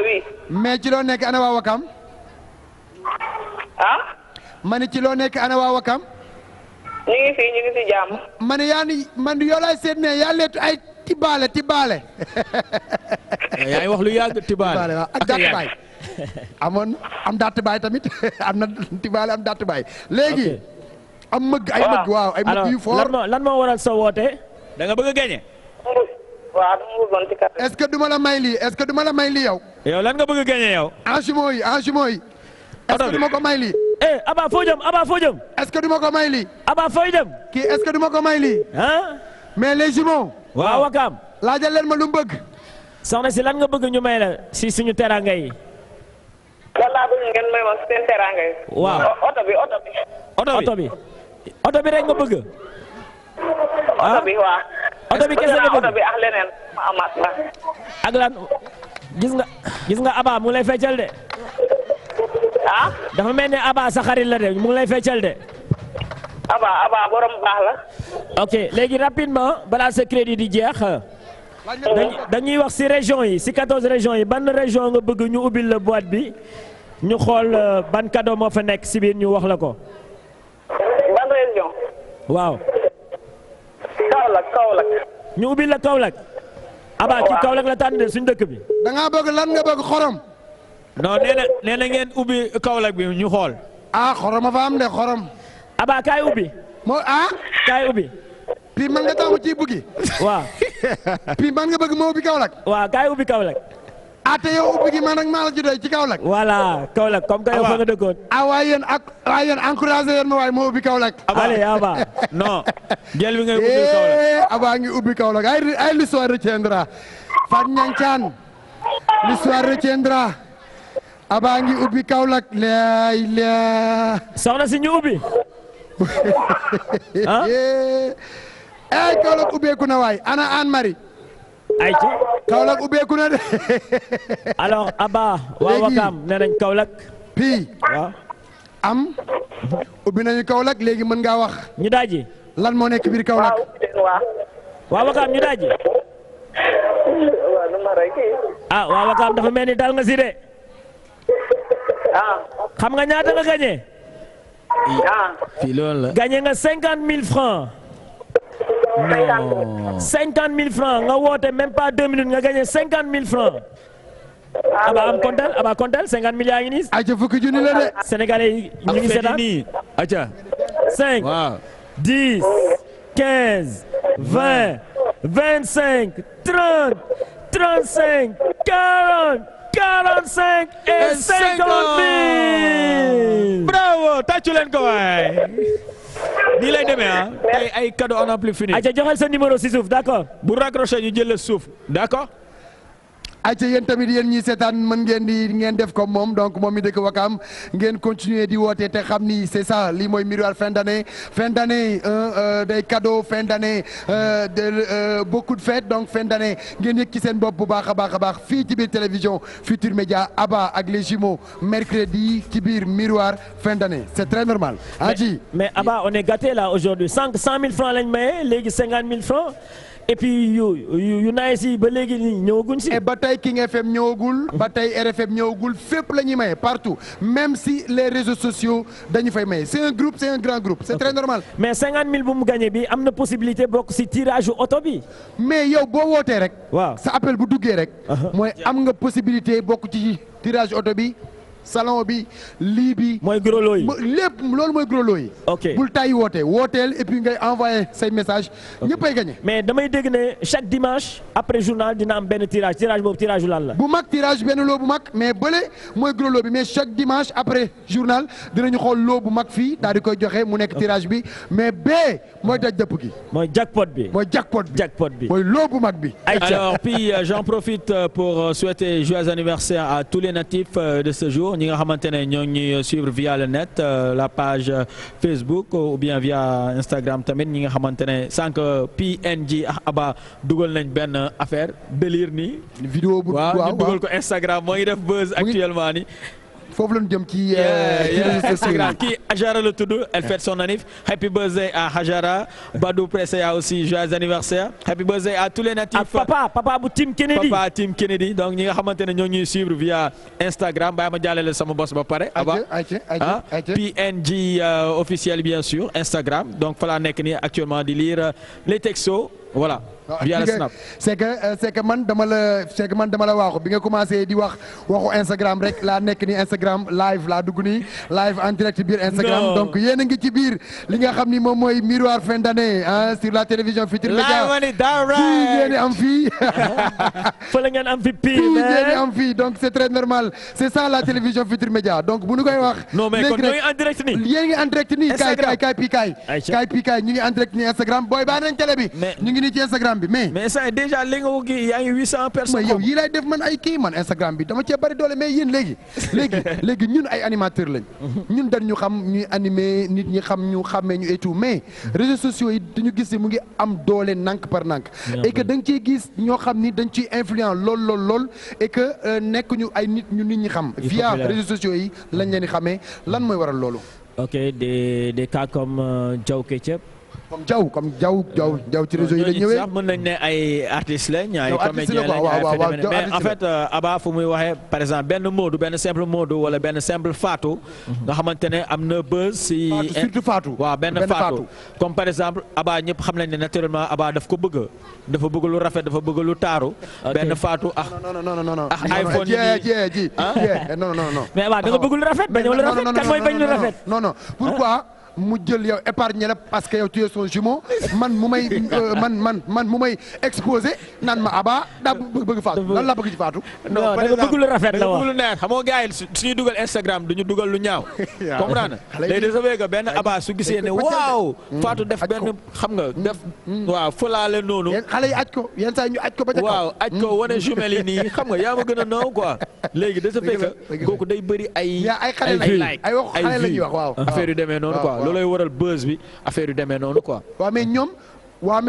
mais ci loo nekk ana waa Wakam. ah. ma ne ci loo nekk yaa ni man yoo seet ne yaa leetu ay. Tibaale Tibaale. Eh, yaa wax lu yàgg Tibaale. Tibaale waaw am Datta tamit (laughs) am na Tibaale am Datta léegi am mëgg ay mëgg. waaw ay mëgg yu fort lan moo lan moo waral sa woote. da nga bëgg a gagné. est-ce que du ma la may lii est-ce que du ma la may lii yow. yow lan nga bëgg a gagné yow. enjumons yi enjumons yi. Eh, est-ce que du ma ko may lii. eh Aba foo jëm que du ma ko may lii. Aba fooy jëm. kii que du ma ko may lii. ah mais les jumeaux. waaw Wakaam. laajal leen ma lu mu bëgg. si lan nga bëgg ñu may la si suñu teraanga yi. lan laa bëgg ngeen may ma waaw oto bi oto bi. oto bi rek nga bëgg. oto ah? bi waaw. oto bi kese nga la. ak gis nga Aba mu ngi lay ah. dafa mel ne Aba sa xarit la de mu ngi lay feccal de. aba aba borom baax la. ok léegi rapidement balaa sa crédit di jeex. dañuy wax ci région yi ci 14 régions yi ban région nga bëgg ñu ubbil la boîte bi ñu xool euh, ban cadeau moo fa nekk ci biir ñu wax la ko. ban région. waaw. Kaolack Kaolack. ñu ubbil la Kaolack. aba ci Kaolack la tànn suñu dëkk bi. da bëgg lan nga bëgg xorom. non nee na ngeen ubbi Kaolack bi ñu xool. ah xorom fa am de xorom. Aba kaay ubbi. moo ah. kaay ubbi. puis man nga taamu ci buggi waaw. puis (laughs) man nga bëgg ma ubbi Kaolack. waaw kaay ubbi Kaolack. ah te yow ubbi gi man ak maa la juddoo ci kaw voilà Kaolack comme que yow fa nga dëkkoon. ah waaye yéen ak waaye ma waaye ma ubbi Kaolack. allez Aba (laughs) non. jël bi ngay ubbi eh, Kaolack Aba ngi ubbi Kaolack ay ay l'histoire retiendra Fatou Niancane l'histoire retiendra Aba ngi ubbi Kaolack lay la. soxna si ñu ubbi. (laughs) ah. (laughs) ay Kaolack ubbeeku na waay ana Anne Marie. ayca Kaolack ubbeeku na de. (laughs) alors Abba. waa Wakaam nee pii waaw. am. ubbi nañu Kaolack léegi mën ngaa wax. ñu daaji. lan moo nekk biir Kaolack. waaw. waa ñu daaji. ah waa dafa mel ni dal nga si de. Ah. xam nga ñaata nga gagné. Ah. fii nga cinquante mille francs. mille francs nga woote même pas deux mille francs. Ah, aba am kontaan aba kontaan mille yaa ngi nii. ayca fukki la de. Ah, sénégalais yi ñu ngi seetaan ayca. cinq dix quinze vingt vingt cinq trente trente cinq 45 et 50 000 bravo tàccu leen ko waay. nii a demee ah. tey ay cadeau on n'a plus fini. ayca joxal sa numéro si suuf d'accord. bu raccroché ñu jël la suuf d'accord. ayca yéen tamit yéen ñi seetaan mën ngeen di ngeen def comme moom donc moom mi dëkk Wakaam ngeen continuer di woote te xam ni c'est ça lii mooy miroir fin d'année fin d'année euh, euh, day cadeau fin d'année euh, de beaucoup de fêtes donc fin d'année ngeen yëg ci seen bopp bu baax a baax a baax fii ci biir télévision Futur Média Abba ak les jumeaux mercredi ci biir miroir fin d'année c'est très normal. Adji mais Abba on est gâté là aujourd'hui cent mille francs lañ maye léegi cinquante mille francs. et puis yu yu yu naay si ba léegi nii ñëwaguñ si. et ba tey King FM ñëwagul. ba tey RFM ñëwagul fépp la ñuy maye partout même si les réseaux sociaux dañu fay maye c' est un groupe c' est grand groupe c' très normal. mais 50 000 bu mu gagné bi am na possibilité bokk si tirage auto bi. mais yow boo wootee rek. waaw sa appel bu duggee rek. mooy am nga possibilité bokk ci tirage auto bi. salon bi lii bi. mooy grolo yi lépp loolu mooy grolo yi. ok bul tàyyi woote wooteel et puis ngay envoyé say message ñëppay gagné. mais damay dégg ne chaque dimanche après journal dina am benn tirage tirage boobu tirage yu lan la. bu mag tirage benn loo bu mag mais bële mooy grolo bi mais chaque dimanche après journal dinañu xool loo bu mag fii daal di koy joxe mu nekk tirage bi mais bee mooy daj dëpp gi. mooy jackpot bi mooy jackpot bi jackpot loo bu mag bi. alors puis euh, j'en profite euh, pour euh, souhaiter anniversaire à tous les natifs de ce jour. jour ñi nga xamante ne ñoo ngi suivre via le net euh, la page Facebook ou bien via Instagram tamit ñi nga xamante ne sànq PNG ah Aba dugal nañ benn affaire délire nii. vidéo bu waaw ñu dugal Instagram moo def buzz actuellement nii. foofu la jëm ci. kii euh, Hajara la tudd elle fête son anniv happy birthday à Hajara Badou Pressea aussi joyeux anniversaire happy birthday à tous les natifs. à papa papa bu Tim Kennedy papa Tim Kennedy donc ñi nga xamante ne ñoo ñuy suivre via Instagram bàyyi ma jàllale sama boss ba pare. aba ah PNG euh, officiel bien sûr Instagram donc fa nekk nii actuellement di lire les textos voilà. Ah, via le snap c'est que euh, c'est que man dama la c'est que la waaxu di wax waxu Instagram rek laa nekk ni Instagram live laa dugg nii live en direct biir Instagram donc yéen ngi ci biir li nga xam ni moom mooy miroir fin d'année ah sur la télévision Futurs Médias fii ngeen di am fii (laughs) fële ngeen am fi pii fii ngeen donc c'est très normal c'est ça la télévision Futurs Médias donc bu nu koy wax non mais kon ñoo ngi en direct nii yéen ngi en direct nii kaay kaay kaay pii ngi en direct nii Instagram booy baa nañ télé bi ñu ngi nii ci Instagram Instagram mais. mais ça déjà léegi nga ko kii yaa ngi 800 personnes. mais yow yii def man ay kii man Instagram bi dama cee bari doole mais yéen léegi. (laughs) léegi ñun ay animateurs lañ. ñun dañ ñu xam ñuy animé nit ñi xam ñu xàmmee ñu et mais réseaux sociaux yi dañu gis ne mu ngi am doole nank par nank. et que da nga ciy gis ñoo xam ni dañ ciy influent lool lool lool et que euh, nekk ñu ay nit ñu nit ñi xam. via réseaux sociaux yi lañ leen di xamee lan mooy waral loolu. ok des des cas comme euh, Diaw Ketchup. comme jaw comme jaw jaw jaw ci réseau yi la ñëwee sax ne ay mais en fait euh, Abba fu muy waxee par exemple benn Modou benn simple Modou wala benn simple Fatou nga xamante ne am na buzz si surtout Fatou waaw benn Fatou comme par exemple Abba ñëpp xam nañ ne naturellement Abba daf ko bëgg dafa bëgg lu rafet dafa bëgg lu taaru benn Fatou ah ah iPhone ji ah. Eh, non mais Abba da nga lu rafet bañ lu rafet kan mooy bañ lu rafet non non mu jël yow épargne la parce que yow tu son jumeau man mu may euh, man man man mu may exposé naan ma aba daa bëgg faatu lan laa bëgg ci faatu. non da nga bëgg lu rafet la waaw bëgg lu neex xam nga gars yi dugal Instagram duñu dugal lu ñaaw. (laughs) comprendre na léegi dafa bëgg benn aba su gisee ne waaw. faatu def benn xam nga def. waaw fëlaale noonu. yéen xale yi aj ko yenn saa ñu aj ko ba ca kaw. waaw aj ko mm. wane jumelle yi nii xam nga yaa ma gën a noo quoi. (laughs) léegi dafa bëgg kooku day bëri ay. ay ay ay ay wax xale la ñuy demee noonu quoi loolay waral buzz bi affaire yu demee noonu quoi. waaw ñoom waa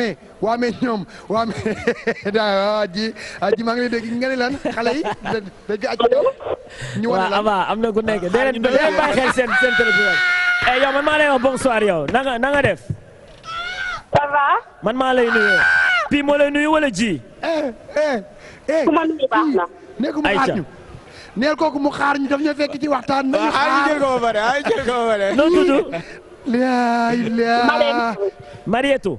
mais ñoom waa mais (laughs) daa ah, ji ah, ji maa ngi lay dégg nga ñu wane am na ku nekk ah, dee leen bàyyi xel seen seen téléphone. eh yow man maa lay bonsoir yow na def. man maa lay nuyu. pii moo lay nuyu wala ji. eh eh eh ku ma mu xaar ñu daf ñu fekk ci waxtaan. nañu xaar waaw aay jël (laughs) Marietou Marietou.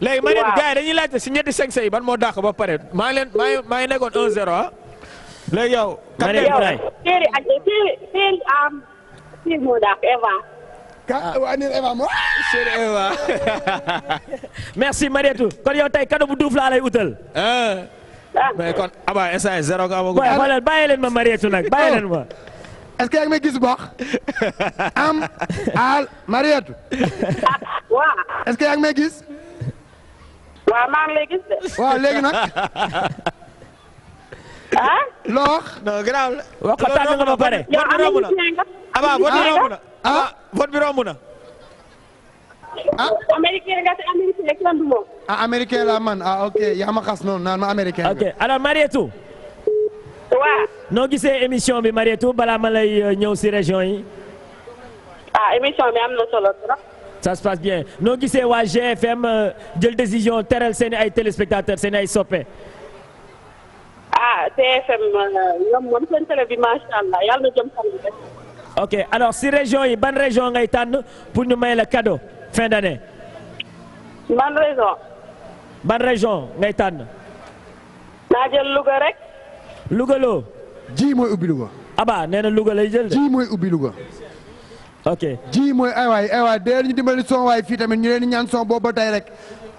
léegi Marietou gars si ñetti cinq yi ban moo dàq ba pare maa ngi leen maa ngi maa ngi nekkoon ah. léegi yow. Marietou Ndiaye Thierry merci Marietou kon yow tey cadeau bu duuf laa lay utal. Ah. Ah. mais kon leen ma Marietou nag bàyyi oh. ma. est que yaa ngi may gis baax am al Mariette waaw est que yaa ngi gis waaw maa ngi de waaw léegi nag ah loo wax non garaaw nga ba pare yow am ah, na gis nga na ah vote bi romb na ah. Ah, ah ok yaa ma xas noonu naan ma américain ok alors Mariette waaw. noo gisee émission bi Marietou balaa ma lay euh, ñëw si région yi. ah émission bi am na solo trop. ça se passe bien noo gisee waa GFM euh, jël décision teral seen ay téléspectateurs seen ay soppe. ah TFM euh, ñoom moom seen télé bi macha allah yàlla na jëm kanam rek. ok si région yi ban région ngay tànn pour ñu may la cadeau fin d'année. ban région. ban région ngay tànn. naa jël Louga Louga loo. ji mooy ubbi Louga. Aba nee na Louga lay jël de. ji mooy ubbi Louga. ok ji mooy aywaay aywaay dee ñu dimbali son waay fii tamit ñu leen di ñaan son boobu ba tey rek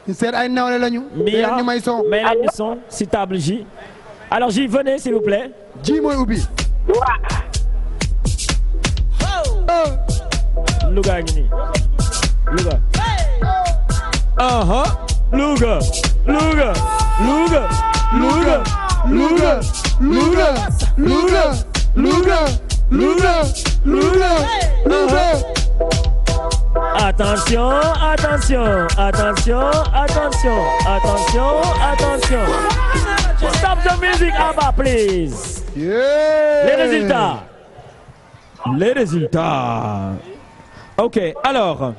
ñu seet ay nawle lañu. dee ñu may son may lañu son si table ji. alors ji venez s'il vous plaît. ji mooy ubbi. Oh. Louga ngi nii Louga. aha Louga Louga Luda, Luda, Luda, Luda, Luda, Luda, Luda. Attention, attention, attention, attention, attention, attention. Stop the music, Abba, please. Yeah. Les résultats. Les résultats. ok alors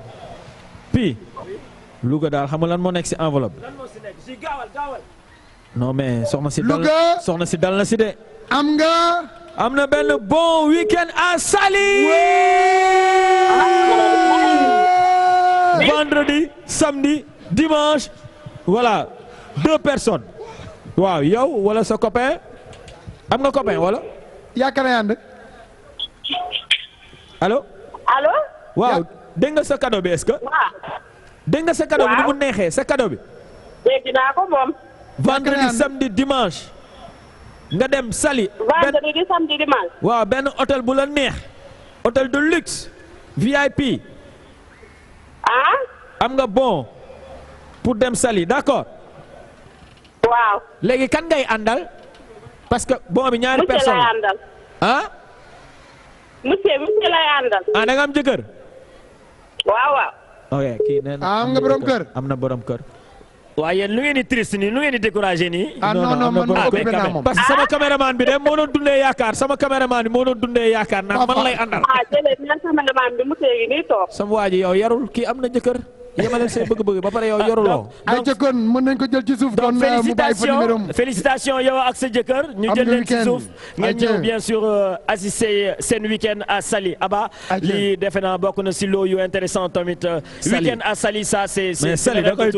Pi Louga daal xam nga lan moo nekk ci enveloppe. non mais soxna si dal soxna si dal na si de. am nga. am na benn bon week-end à Saly. vendredi samedi dimanche voilà deux personnes. waaw yow wala sa copain am nga copain wala. yaakaar naa ànd. allo. allo. waaw dégg nga sa cadeau bi est-ce que. waaw. nga sa cadeau bi ni mu neexee sa cadeau bi. vendredi samedi dimanche. nga dem sali waaw benn hôtel bu la neex. hôtel de luxe. VIP. ah. am nga bon pour dem Saly d'accord. waaw. léegi kan ngay àndal. parce que bon bi ñaari personne ah. monsieur lay àndal. ah da nga waaw waaw. ok ah, am am na borom kër. waa yéen lu ngeen di triste nii lu ngeen di découragé nii. ah non non man bi de moo doon dundee yaakaar sama caméraman bi moo doon dundee yaakaar naa man lay àndal. ah jërëjëf man sama caméraman bi mu sama waa yow yarul kii am na jëkkër. yemale say bëgg-bëgg ba pare yow ah, yoruloo. ay jëkkoon mën nañ ko jël ci suuf. kon euh, mu bàyyi fa numéro am félicitations ak sa jëkkër. ñu jël leen ci suuf ngeen ñëw bien sûr euh, assister seen week-end à Saly Abba. lii defe naa bokk na si loo yo intéressant tamit. Euh, Saly week-end à Saly ça c'est. c'est Saly da koy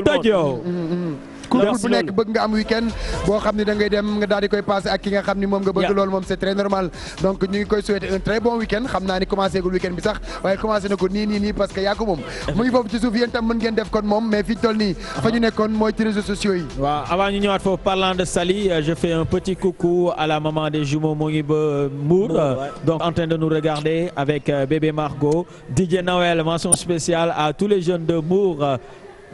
couple bu nekk bëgg nga am weekend boo xam ne da ngay dem nga daal di koy passé ak ki nga xam ni moom nga bëgg loolu moom c'est très normal donc ñu koy souhaiter un très bon weekend xam naa ni commencé gul weekend bi sax waaye commencé na ko nii nii parce que yaa ko moom foofu ci suuf yéen tam mën ngeen def kon moom mais fi toll nii ah. fa ñu nekkoon mooy ci réseaux sociaux yi waaw avant ñu ñëwaat foofu parlant de Sali euh, je fais un petit coucou à la maman des jumeaux moo ngi ba Mbour euh, donc en train de nous euh, mention spéciale à tous les jeunes de Mbour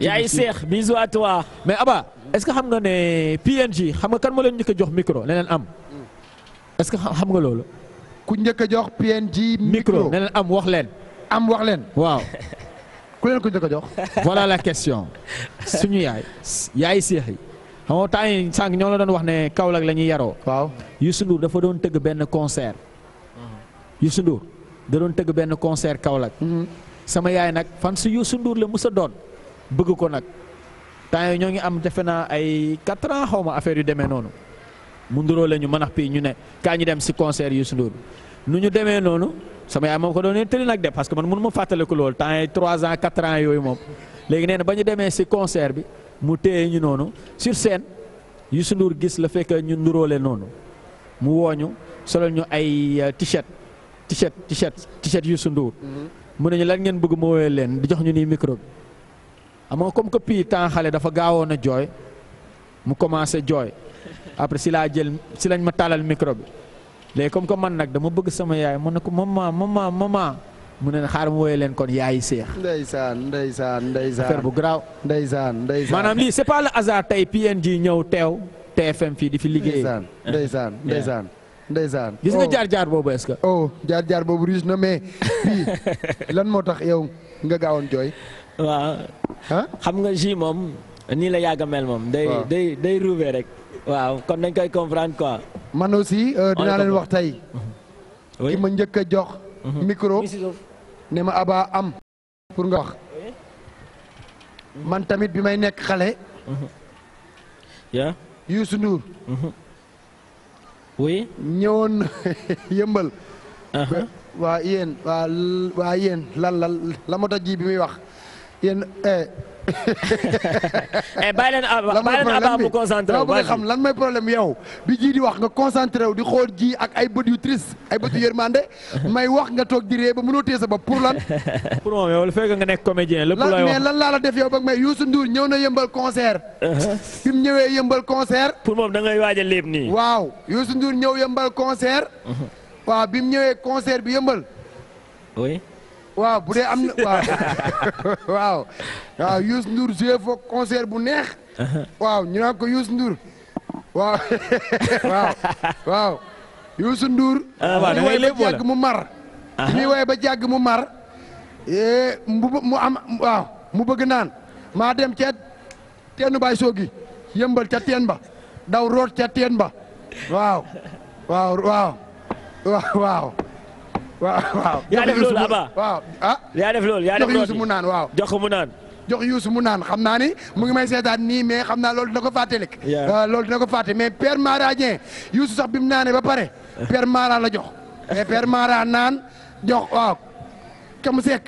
yaay Cheikh bisous à toi. mais Aba est-ce que xam nga ne PNG xam nga kan ma leen njëkk a jox micro leneen am. que xam nga loolu. ku njëkk a jox PNG. micro am wax leen. am wax leen. waaw. (laughs) ku leen ko njëkk jox. voilà la question suñu yaay. yaay Cheikh yi. xam nga temps yii sànq ñoo la doon wax ne Kaolack lañuy ñuy yaroo. waaw Youssou dafa doon tëgg benn concert. yu Ndour da doon tëgg benn concert Kaolack. Mm-hmm. sama yaay nag fan su Youssou Ndour la mës a doon. bëgg ko nag temps yi ñoo ngi am defe naa ay 4 ans xaw ma affaire yu demee noonu mu nduroo la ñu mën a pii ñu ne kaa ñu dem si concert yu sunduur nu ñu demee noonu sama yaay moom ko doon tëli nag de parce que man mun ma fàttaliku loolu temps yi 3 ans 4 ans yooyu moom léegi nee na ba ñu demee si concert bi mu téye ñu noonu sur scène yu sunduur gis la fekk ñu nduróole noonu mu wooñu solal ñu ay euh, t-shirt t-shirt t-shirt t-shirt Youssou Ndour mm-hmm. mu ne ñu lan ngeen bëgg ma leen jox ñu nii micro xam comme que pii temps xale dafa gaawoon jooy mu commencé jooy après si laa jël si lañ ma tàllal micro bi léegi comme que man nag dama bëgg sama yaay ma ne ko maman maman maman mu xaar mu leen kon yaayi seex. ndeysaan ndeysaan bu garaaw. ndeysaan ndeysaan maanaam lii c'est pas le hasard tey PNG ñëw teew TFM fii di fi liggéey. ndeysaan ndeysaan ndeysaan. gis nga oh. jaar jaar boobu est-ce que. oh jaar jaar boobu riche na mais. (laughs) lan moo tax yow nga gaawoon jooy. waaw. xam nga jus moom nii la yàgg mel moom. day day day ruubee rek. waaw kon dañ koy comprendre quoi. man aussi euh, dinaa leen wax tey. ki ma njëkk a jox. Mhm. micro ne ma Aba am. pour nga wax. man tamit bi may nekk xale. Mhm. yaa. Youssou Ndour. Mhm. oui. ñëwoon (laughs) yëmbal. Uh-huh. waa yéen waa waa yéen lan la la ji bi muy wax. yéen eh. Eh, bàyyi leen Abba bàyyi leen Abba mu concentré wu. xam lan mooy problème yow bi jii di wax nga concentré wu di xool ji ak ay bët yu triste ay bët yu yërmande may wax nga toog di ree ba mu téye sa bopp pour lan. pour moom yow lu fekk nga nekk comédien lépp looy wax mais lan laa la def yow ba may Youssou Ndour ñëw na yëmbal concert. Uh-huh. bi mu ñëwee yëmbal concert. pour moom da ngay waaj a léeb nii. waaw Youssou Ndour ñëw yëmbal concert. Uh-huh. waaw bi ñëwee concert bi yëmbal. waaw bu dee am na waaw (laughs) waaw waaw Youssou Ndour joué fa bu neex. Uh-huh. waaw ñu naan ko Youssou Ndour. waaw (laughs) waaw waaw Youssou Ndour. Ah, waaw da ngay lépp mu mar. mi uh-huh. woy ba jàgg mu mar. mu am waaw mu bëgg naan maa dem ca teenu baay soogi yëmbal ca teen ba daw root ca teen ba waaw waaw waaw waaw. waaw (laughs) waaw. yaa def loolu Abba waaw ah. yaa def loolu yaa def loolu jox Youssou mu naan waaw jox ko mu naan. jox Youssou mu naan xam naa ni mu ngi may seetaan nii mais xam naa loolu dina ko fàtte lekk. Ah, loolu dina ko fàtte mais Père Mara Dieng Youssou sax bi mu naanee ba pare. Eh. Père Mara la jox. mais Père Mara naan jox waaw. Kamu Seck.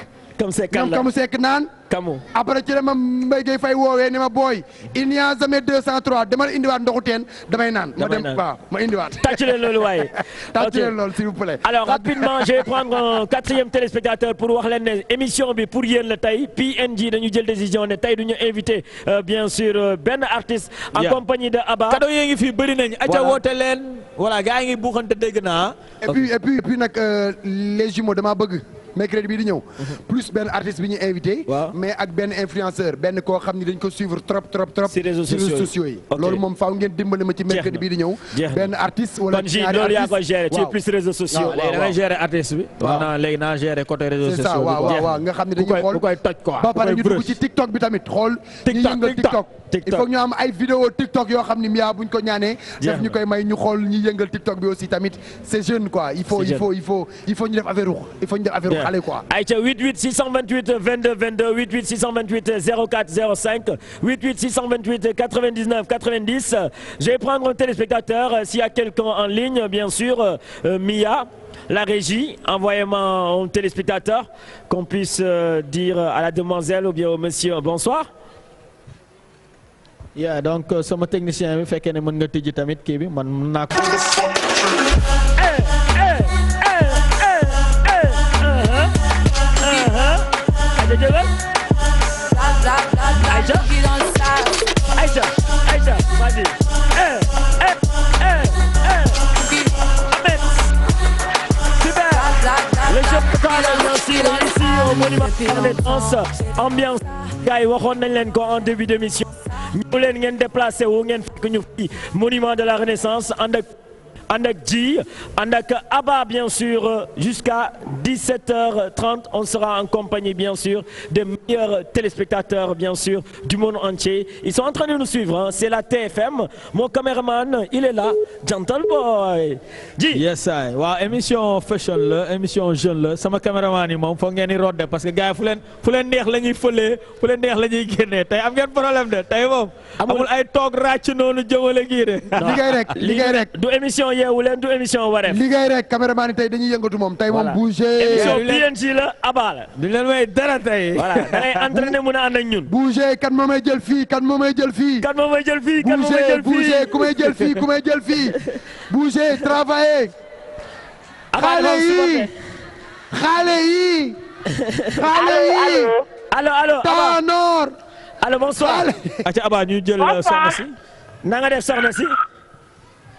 Kamu Seck kan la naan. Kamu. après ci la ni ma booy il n'y a jamais 203 dama indiwaat ndoxu teen damay naan. ma dem waaw ma indiwaat. tàcc leen loolu waaye. (laughs) tàcc leen loolu s'il vous plaît. alors rapidement je prendre quatrième téléspectateur pour wax leen ne émission bi pour yéen la tey PNG dañu jël décision ne tey du ñu invité euh, bien sûr euh, benn artiste. en compagnie de Abba. cadeau yi ngi fi bëri nañu. voilà acca woote leen. voilà gars yi ngi buuxante dégg naa. et puis et puis euh, les jumeaux dama bëgg. mercredi bii di ñëw. Mhm. plus benn artiste bi ñu invité. mais ak benn influenceur benn koo xam ni dañ ko suivre trop trop trop. si réseaux sociaux yi loolu moom faaw ngeen dimbali ma ci mercredi bii di ñëw. benn artiste wala nga xam ne dañuy xool bu koy toj quoi. xool. TikTok xam ni miyaa buñ ko ñaanee. daf ñu koy may ñu xool ñu yëngal TikTok bi aussi tamit c'est jeune quoi il faut il faut ñu def affaire il faut ñu def affaire xale quoi. ayca 88 628 22 22 88 628 04 05 88 628 99 90 je vais prendre un téléspectateur euh, s'il y a quelqu'un en ligne bien sûr euh, euh, Mia. La régie, envoyez-moi un téléspectateur qu'on puisse euh, dire à la demoiselle ou donc euh, sama technicien bi fekkee ne mën nga tijji tamit kii bi man mën ambiance gars yi waxoon nañ leen ko en début d'émission ñu leen ngeen déplacé wu ngeen fekk ñu fii monument de la renaissance ànd ak ànd ak ji ànd ak Abba bien sûr jusqu'à 17h30 on sera en compagnie bien sûr des meilleurs téléspectateurs bien sûr du monde entier ils sont en train de la TFM mon caméraman il est là Gentle Boy ji yes ay waaw émission fashion la émission jeune la moom foog ngeen parce que gars yi fu leen fu leen neex (laughs) yeewu leen du émission wareef. liggéey rek caméraman tey dañuy yëngatu moom tey moom. bouger émission PNG la Abba la. du leen may dara tey. voilà da ngay entraîné mun a ànd ak ñun. bouger kan moo may jël fii kan moo may fii. kan moo may jël fii kan moo may jël fii bouger ku may jël fii ku may jël fii bouger travailler. xale yi xale yi. xale yi. allo allo Tanor. allo bonsoir. Aca Abba ñu jël soxna si. na soxna si.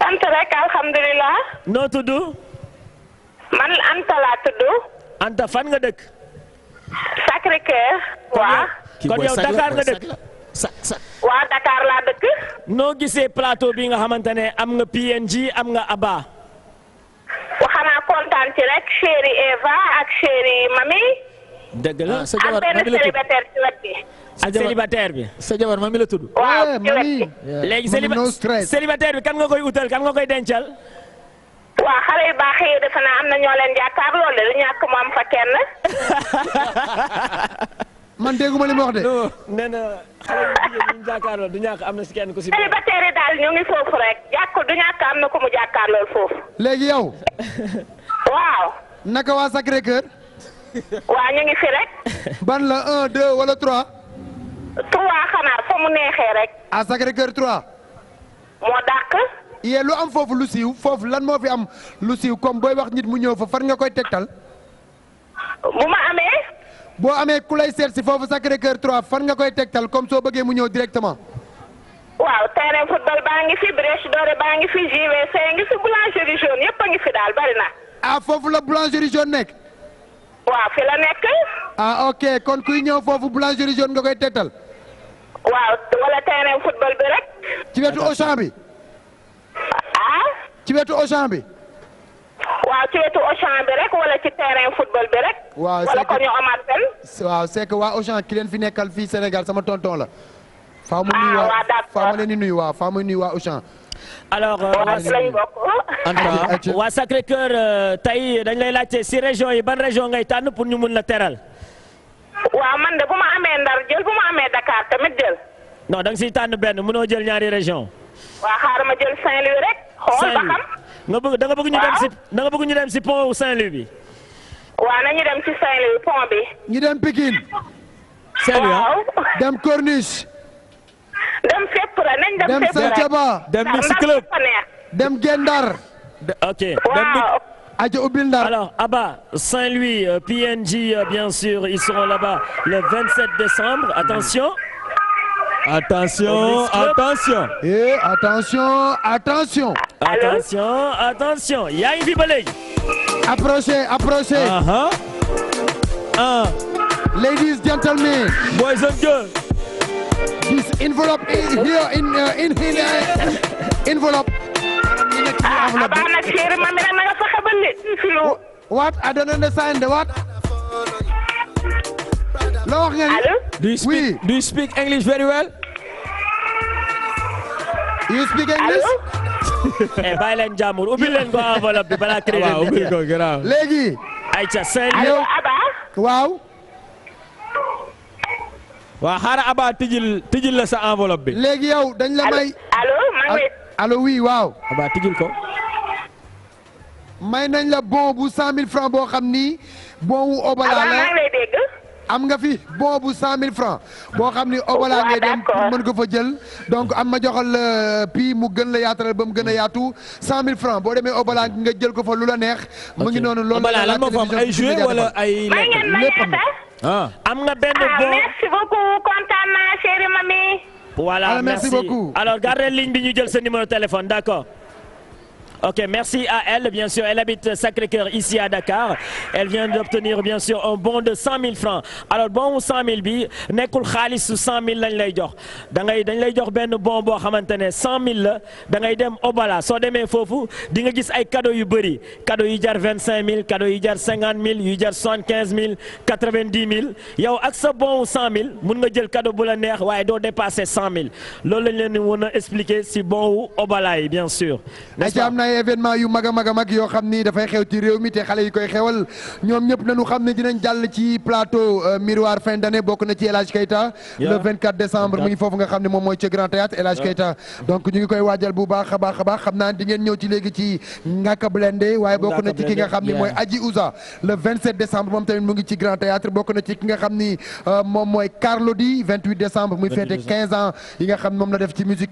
sant rek alhamdulilah. noo tudd. man Anta laa tudd. Anta fan nga dëkk. Sacré waa kon yow Dakar nga dëkk. waa Dakar laa dëkk. noo gisee plateau bi nga xamante ne am nga PNG am nga Abba. waxanaa kontaan ci rek chérie Eva ak chérie Mami. dëgg la ah, sa jabar ci wet bi. ak célibataire bi. sa jabar mami la tudd. waaw eh, léegi célibataire bi kan nga koy utal kan nga koy dencal. waaw xale yu baax yi defe am na ñoo leen yaakaar loolu lu ñàkk mu am fa kenn. (laughs) man dégguma li mu de. non nee na xale yu du ñàkk am na si kenn ku si. célibataire yi daal ñu ngi foofu rek jàkku du ñàkk am na ko mu jàkkaarloo foofu. léegi yow. (laughs) waaw. naka waa Sacré Cœur. waa ñu ngi fi rek. ban la un deux wala trois. trois xanaa fa mu neexee rek. à Sacré Cœur trois. moo dàq. yee lu am foofu lu siiw foofu lan moo fi am lu siiw comme booy wax nit mu ñëw fa far nga koy tegtal. bu ma amee. boo amee ku lay seet si foofu Sacré Cœur trois fan nga koy tegtal comme soo bëggee mu ñëw directement. waaw terrain football baa ngi fi brèche dorée baa ngi fi JVC ngi fi boulangerie jaune yëpp a ngi fi daal bari na. ah foofu la boulangerie jaune nekk. waaw fi la nekk. ah ok kon kuy ñëw foofu koy tegtal. waaw wala terrain football bi rek. ci wetu Auchan bi. Ah? ci wetu Auchan bi. waaw ci wetu Auchan bi rek wala ci terrain football bi rek. waaw c'est que waa Auchan ki leen fi nekkal fii Sénégal sama tonton la. faa mu nuyu ah, waa faa nuyu waa faa mu nuyu waa Auchan. alors euh, waa Sacré Cœur euh, tey dañ lay laajte si région yi ban région ngay tànn pour ñu mun la teral waaw man de bu ma amee Ndar jël bu ma amee Dakar tamit jël. non da nga tànn benn mënoo jël ñaari région waaw xaaral ma jël Saint-Louis rek. xool ba xam nga bëgg da nga ñu dem si da nga bëgg ñu si pont Saint-Louis bi. waaw na ñu dem si Saint-Louis pont bi. ñu dem Pikine. Saint-Louis ah? waaw dem Corniche. dem fépp dem fépp la dem Santhiaba. dem ok dem. aja ubbil Ndar alors Abba euh, euh, bien sûr ils seront là-bas le 27 décembre attention. Attention, attention. Eh, attention, attention. Allô? Attention, attention. Yaa ngi fi ba léegi. Approchez, approchez. Aha. Ah. Uh is here uh, ah abaa nag chéri mami nag nga fexe ba nit filo. what I don't understand what. loo wax ngeen. allo. do you speak oui. do you speak English very well. you speak English. allo. (laughs) Eh, bàyyi leen jàmbur ubbi leen ko enveloppe bi balaa crédit. Ah, waaw ubbi ko garaaw léegi. ayca seen. allo Aba. waaw. waa xaaral Aba tijjil tijjil la sa enveloppe bi. léegi yow dañ la may. allo allo maa ngi alo wi waaw. abaa ah tijjil may nañ la bon bu cent mille francs boo xam ni bon wu obala am nga fi bon bu cent mille francs boo xam ni obala ngay dem mën ko fa jël donc am ma joxal euh, pii mu gën la yaatalal ba mu gën a yaatu cent mille francs boo demee obala nga jël ko fa lu la neex. mu ngi noonu loolu la la ay jouet wala ay lépp am nga benn bon merci beaucoup kontaan naa chérie mami Voilà, ah, merci, merci beaucoup. Alors, gardez ligne bi ñu jël sa Ok, merci à elle, bien sûr. Elle habite Sacré-Cœur, ici à Dakar. Elle vient d'obtenir, bien sûr, un bon de francs. Alors, bon 100 bi, nekkul xaalisu 100 000 lañ lay jox. da ngay dañ lay jox benn bon boo xamante ne 100 000 la da ngay dem Obala soo demee foofu di nga gis ay cadeau yu bëri. cadeau yu jar 25 000, cadeau yu jar 50 000, yu jar 75 000, 90 000. yow ak sa bon 100 000 mun nga jël cadeau bu la neex waaye doo dépasser 100 000. loolu lañ leen di mën a expliquer si bon wu Obala yi bien sûr. ay événement yu mag a mag a mag yoo xam ni dafay xew ci réew mi te xale yi koy xewal ñoom ñëpp nañu xam ne dinañ jàll ci plateau euh, miroir fin d'année bokk na ci El Hadj Keita le 24 décembre mu ngi xam ne moom mooy ca Grand Théâtre El Hadj Keita donc ñu ngi a baax xam naa di ngeen ñëw ci léegi ci Ngaka Blindé waaye ki nga xam ne mooy Aji Ouza le 27 décembre moom tamit mu ngi ci Grand Théâtre bokk na ci ki nga xam ni euh, moom mooy Carlodi 28 décembre muy fête 15 ans yi nga xam moom la def ci musique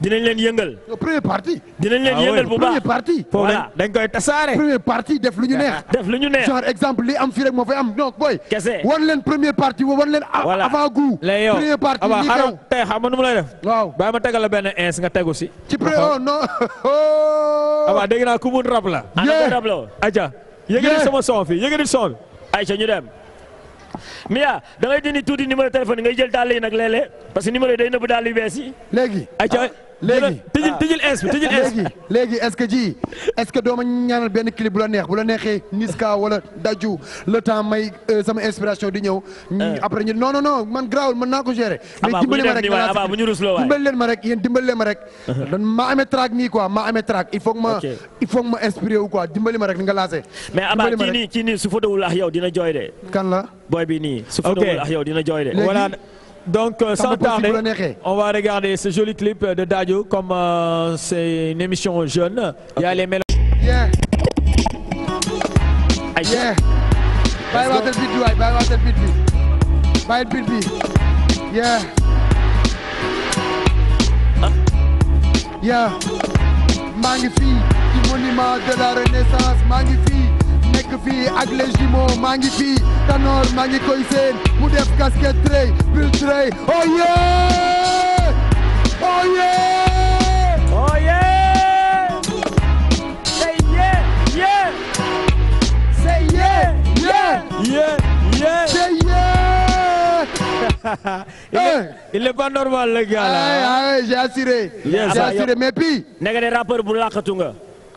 dinañ leen yëngal. premier parti. dinañ leen ah yëngal bu baax premier parti. voilà dañ koy tasaare. premier parti def lu ñu neex. (laughs) def lu ñu neex genre exemple li am fii moo fay am donc booy. kese wan leen premier parti wan leen. avant goût. lay yow premier parti lii xew tey xam nga nu mu lay def. waaw bàyyi ma tegal la benn ins nga tegu si. ci pré oh non. waaw (laughs) oh. dégg naa ku mun rab la. yee ana ko sama son fi yëgëri son bi. ayca ñu dem. Mia da ngay dindi tuuti numéro téléphone yi ngay jël dàll yi nag léeg-léeg parce que numéro yi day nëbb dàll yi. léegi léegi tëjil tëjil S bi est-ce que ji est-ce que doom ma ñaanal benn clip bu la neex bu la neexee Niska wala Daju le temps may euh, sama inspiration di ñëw. Euh. après ñu non non non man grawul mën naa ko gérer. mais dimbali ma rek leen ma rek yéen dimbali leen ma rek. (laughs) dan maa amee track nii quoi maa amee il faut ma il faut que ma inspiré wu quoi dimbali ma rek ni nga lancé. mais Abba kii nii kii nii su fa yow dina jooy de. kan la booy bi nii. su fa dawul ak yow dina jooy de. donc euh, sans tarder on va regarder ce joli clip de Dadio comme euh, c'est une émission jeune. Okay. il y a les mélanges. Yeah. Yeah. bàyyi waatal bit bi waay bàyyi waatal bit bi bàyyi bit bi yeah. yeah. maa ngi fi ci monument de la renaissance maa ngi fi. fii ak les jumeaux maa ngi fii Tanor maa ngi koy seen mu def casquette trey pull trey oye oye oye say yeah yeah say yeah yeah yeah yeah say yeah (laughs) Il est, eh. il est pas normal le gars là. Hey, hey, j'ai assuré. Yes, j'ai assuré ah, mais puis. Nekk rappeur bu làqatu nga.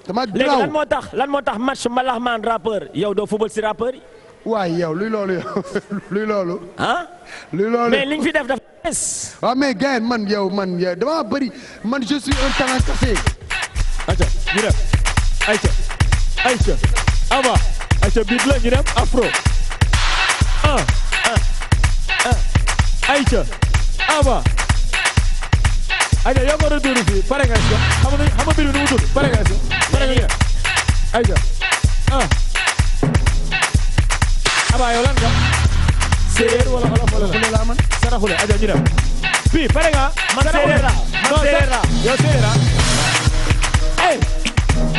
dama lan moo tax lan moo tax match mbalax maan rappeur yow doo football si rappeur yi. yow luy loolu yow (laughs) luy loolu. ah. luy fi def dafa des. waaw man yow man yow man je suis un talent cassé. ayca ñu dem ayca ayca ama ayca biit la ñu dem afro. ah ah ah ayca ayca yow nga doon tuuru fii pare nga si xam nga xam nga mbir mi nu mu tudd pare nga si pare nga jeex ayca ah. abaa yow lan nga. séeréer wala wala wala la la man saraxule ayca ñu dem. fii pare nga. man séeréer la man séeréer la yow séeréer la. hey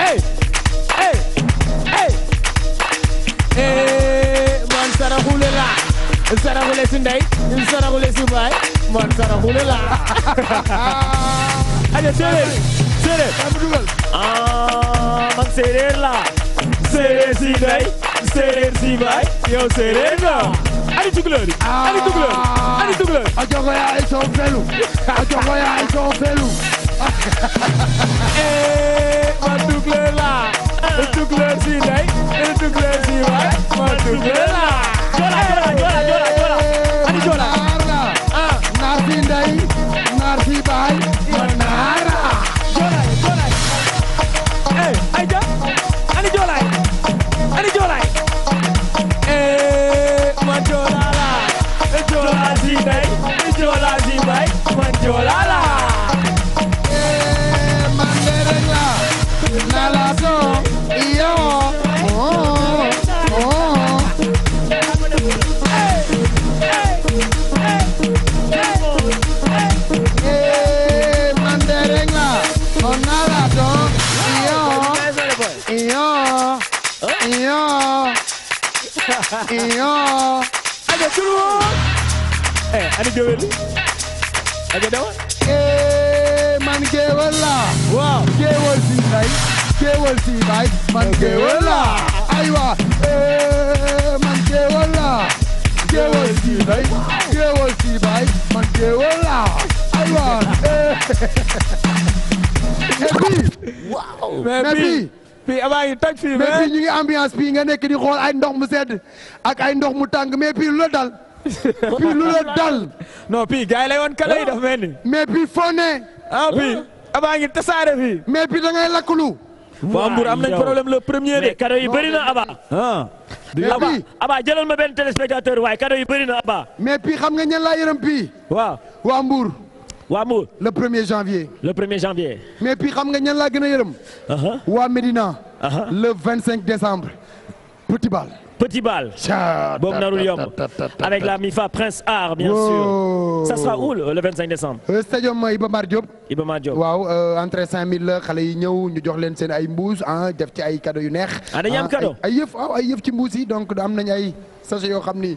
hey hey hey. man saraxule. saraxule (laughs) ah, si ndey saraxule si baay man saraxule laa aja séeréer séeréer aa man séeréer laa séeréer si ndey séeréer si baay yow séeréer laa ani tukulóori ani tukulóori ah. ani tukulóori a jogo yaay soo felu a jogo yaay soo felu (laughs) ee eh, man tukulóor laa tukulóor si ndey tukulóor si baay man tukulóor laa jola jola jola jola ani jola ah naar fi ndey naar jola jola eh ani jola ani jola eh ma jola la jola si ndey jola si baay ma jola Et un. Allez, tout le monde Eh, allez, Gewel. Allez, d'abord. Eh, man, Gewel là. Wow. Gewel, c'est nice. Gewel, c'est nice. Man, Gewel là. Aïe, wa. Eh, man, Gewel là. Gewel, c'est nice. Gewel, c'est nice. Man, Gewel là. Aïe, wa. Eh. Nabi. (laughs) Wow. Nabi. fii avant yi toj fii. mais fii ñu ngi ambiance fii nga nekk di xool ay ndox mu sedd ak ay ndox mu tàng mais fii lu la dal. (laughs) fii lu la dal. non fii gars yi lay woon kala yi dafa mel ni. mais fii foo ne. ngi ah, tasaare fii. mais fii da ngay lakklu. waa Mbour am nañ problème le premier de. cadeau yi bëri na Aba. ah. Aba Aba jëlal ma benn téléspectateur waaye cadeau yi bëri na Aba. mais fii xam nga ñan laa yërëm fii. waaw waa Mbour. waa Mbour. le premier janvier. le premier janvier. mais puis xam nga ñan laa gën a yërëm. Uh-huh. waa Médina. Uh-huh. le vingt cinq décembre. Petit Bal. Petit Bal. boobu narul yomb. avec la MIFA Prince Art bien sûr. ça sera où le vingt cinq décembre. Euh, stadium euh, Iba Mar Diop. Iba waaw euh, entre cinq mille la xale yi ñëw ñu jox leen seen ay mbuus ah def ci ay cadeau yu neex. ah cadeau ay yëf ay ci mbuus yi donc am nañ ay sachet yoo xam ni.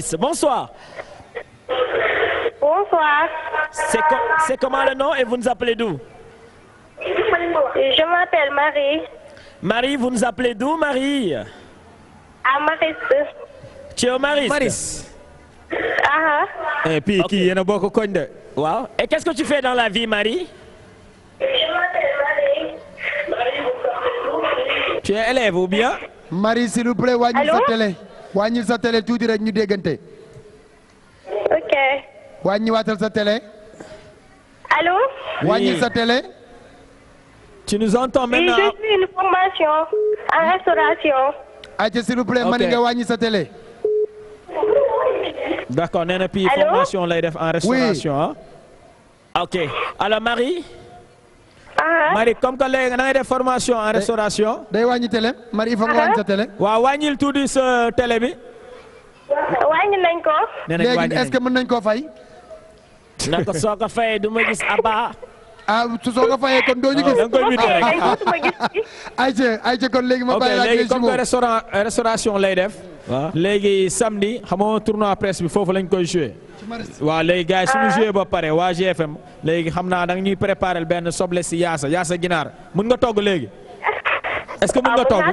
Suisse. Bonsoir. Bonsoir. C'est comment le nom et vous nous appelez d'où Je m'appelle Marie. Marie, vous nous appelez d'où, Marie À Maris. Tu es au Maris Maris. Ah uh -huh. Ah. Et eh, puis, qui est beaucoup connu Wow. Et qu'est-ce que tu fais dans la vie, Marie Je m'appelle Marie. Marie, Tu es élève ou bien Marie, s'il vous plaît, Wagner, wàññil sa télé tuuti rek ñu déggante. ok. wàññi waatal sa télé. allo. wàññil sa télé. tu nous entends maintenant. oui je suis une formation en restauration. ayca s'il wàññi sa télé. d'accord nee na puis formation lay def en restauration ah. ok alors Marie. Ah. Marie comme que léegi da def formation en restauration. day wàññi télé Marie il faut nga ah. wàññi sa télé. waaw wàññil tuuti sa télé bi. wàññi nañ ko. nee nañ léegi que mën nañ koo fay. na ko soo ko du ma gis a ah soo ko fayee kon doo ñu gis. Ah, da nga koy vidéo rek ayca ayca kon léegi ma bàyyi la léegi restaurant lay def. léegi samedi xam nga tournoi presse bi foofu lañ koy joué. waa léegi gars yi suñu ah. ba pare waa GFM léegi xam naa da nga ñuy préparé benn soble si yaasa yaasa ginaar mën nga togg léegi. (laughs) est-ce que mën nga ah, togg (laughs)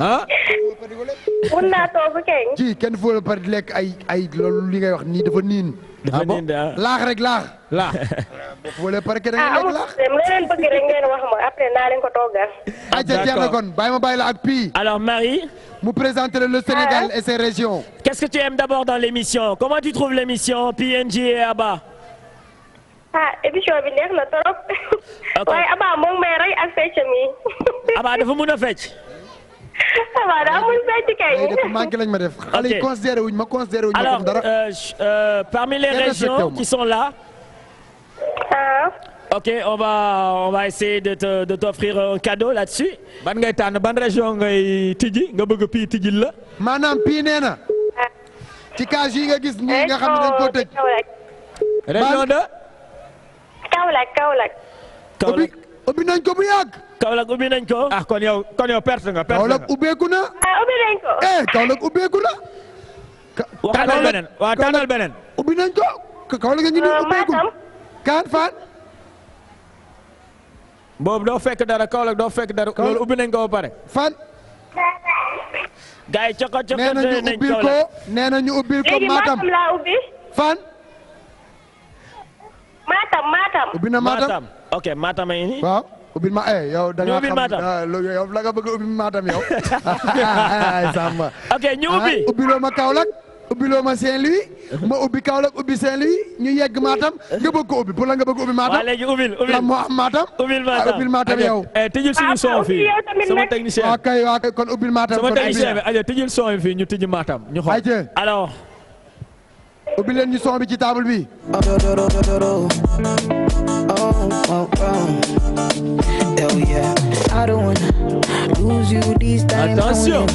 ah. mun naa togg keñ. lekk ay ay li ngay wax nii dafa niin. dafa ah, niin laax rek laax. laax foo (laughs) la pare da rek ngeen wax ma après naa leen ko toggal. d'accord ma bàyyi la ak pii. alors Marie. mu présenter le Sénégal et ses régions. Qu'est-ce que tu aimes d'abord dans l'émission? Comment tu trouves l'émission PNJ et Abba? ah émission bi neex na trop. waaye Abba moom may rey a fecc. Abba lañ ma wuñ ma considéré wuñ alors euh, euh, parmi les régions qui sont là. Ah. ok on va essayer de te de t'offrir un cadeau là-dessus. ban ngay tànn ban région ngay tijji nga bëgg pii tijjil la. maanaam pii nee na ci cage yi nga gis nii nga xam ne ko koo région de. Kaolack Kaolack. Kaolack ubbi nañ ko bu yàgg. Kaolack ubbi nañ ko. ah kon yow perte nga perte nga. Kaolack ubbeeku na. ah ubbi eh, beneen waaw tànnal beneen. ubbi nañ ko Kaolack a ngi nii euh, ubbeeku. Kaan Faan. boobu doo fekk dara Kaolack doo fekk dara. Kaolack loolu ubbi nañ ko ba pare. fan. gars yi coxo coxo nee nañu ubbil ko nee laa ubbi. fan. Matam Matam. ubbi na Matam ok Matam a ngi nii. waaw ma eh yow. da la nga bëgg ubbi Matam yow. (laughs) (laughs) ñu ubbi ah, ma Kaolack. ubbiloo ma Saint-Louis. (laughs) ma ubbi Kaolack ubbi Saint-Louis ñu yegg Matam nga bëgg ko ubbi pour la nga bëgg ubbi Matam. waaw léegi ubbil ubbil lan moo am Matam. (laughs) ubbil Matam ah, ubbil Matam yow. Eh, tijjil suñu son fii ñu tijji Matam ñu xool. ayca alors. leen ñu son bi ci table bi. Oh, oh, oh. Attention.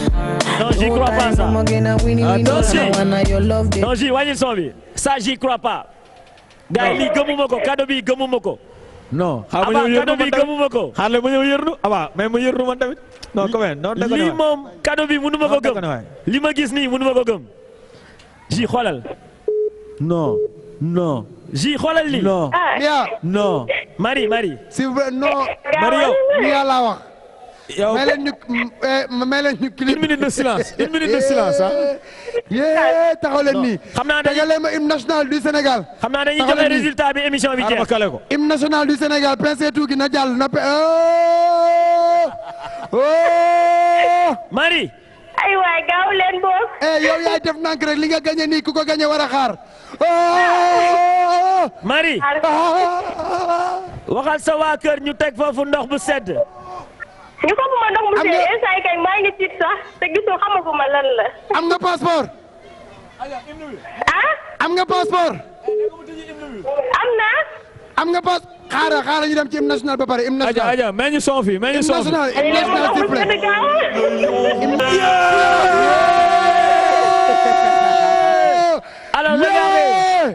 Non, j'y crois pas ça. Attention. Non, j'y wàññi son bi. Ça, j'y crois pas. gars yi lii gëmuma ko cadeau bi gëmuma ko. non xaaral ma ñëw cadeau bi gëmuma ko. xaaral ma ñëw yërnu abaa mais mu yërnu man tamit. non quand même non dëgg lii moom cadeau bi mënu ma ko gëm. li ma gis nii mënu ma ko gëm. ji xoolal. non non. ji xoolal lii. non. Ah. non. Marie Marie. s'il vous plaît non. Marie yow. laa wax. yow eh, may leen ñu may leen une minute de silence une minute de silence ah. yee eh, eh, taxaw leen xam naa dañuy tegalee ma hymne national du Sénégal. xam naa dañuy joxe résultat bi émission bi jeex. kale ko hymne national du Sénégal pincé tout na jàll na pe. Oh! Oh! Marie. aywa gaaw leen boog. yow yaay def nank rek li nga gagné nii ku ko gagné war a xaar. Oh! Marie. Ah! waxal sa kër ñu teg foofu ndox bu sedd. ñu ko bu ma dox monsieur instant kay maa ngi tiit sax te gisul xamaguma lan la. am nga passeport. ah. am nga passeport. Eh, am na. am nga passe xaaral xaaral ñu dem ci hymne national ba pare hymne national. Adja Adja mais ñu son fi mais ñu son fi hymne national hymne national s'il vous plaît. alors regardez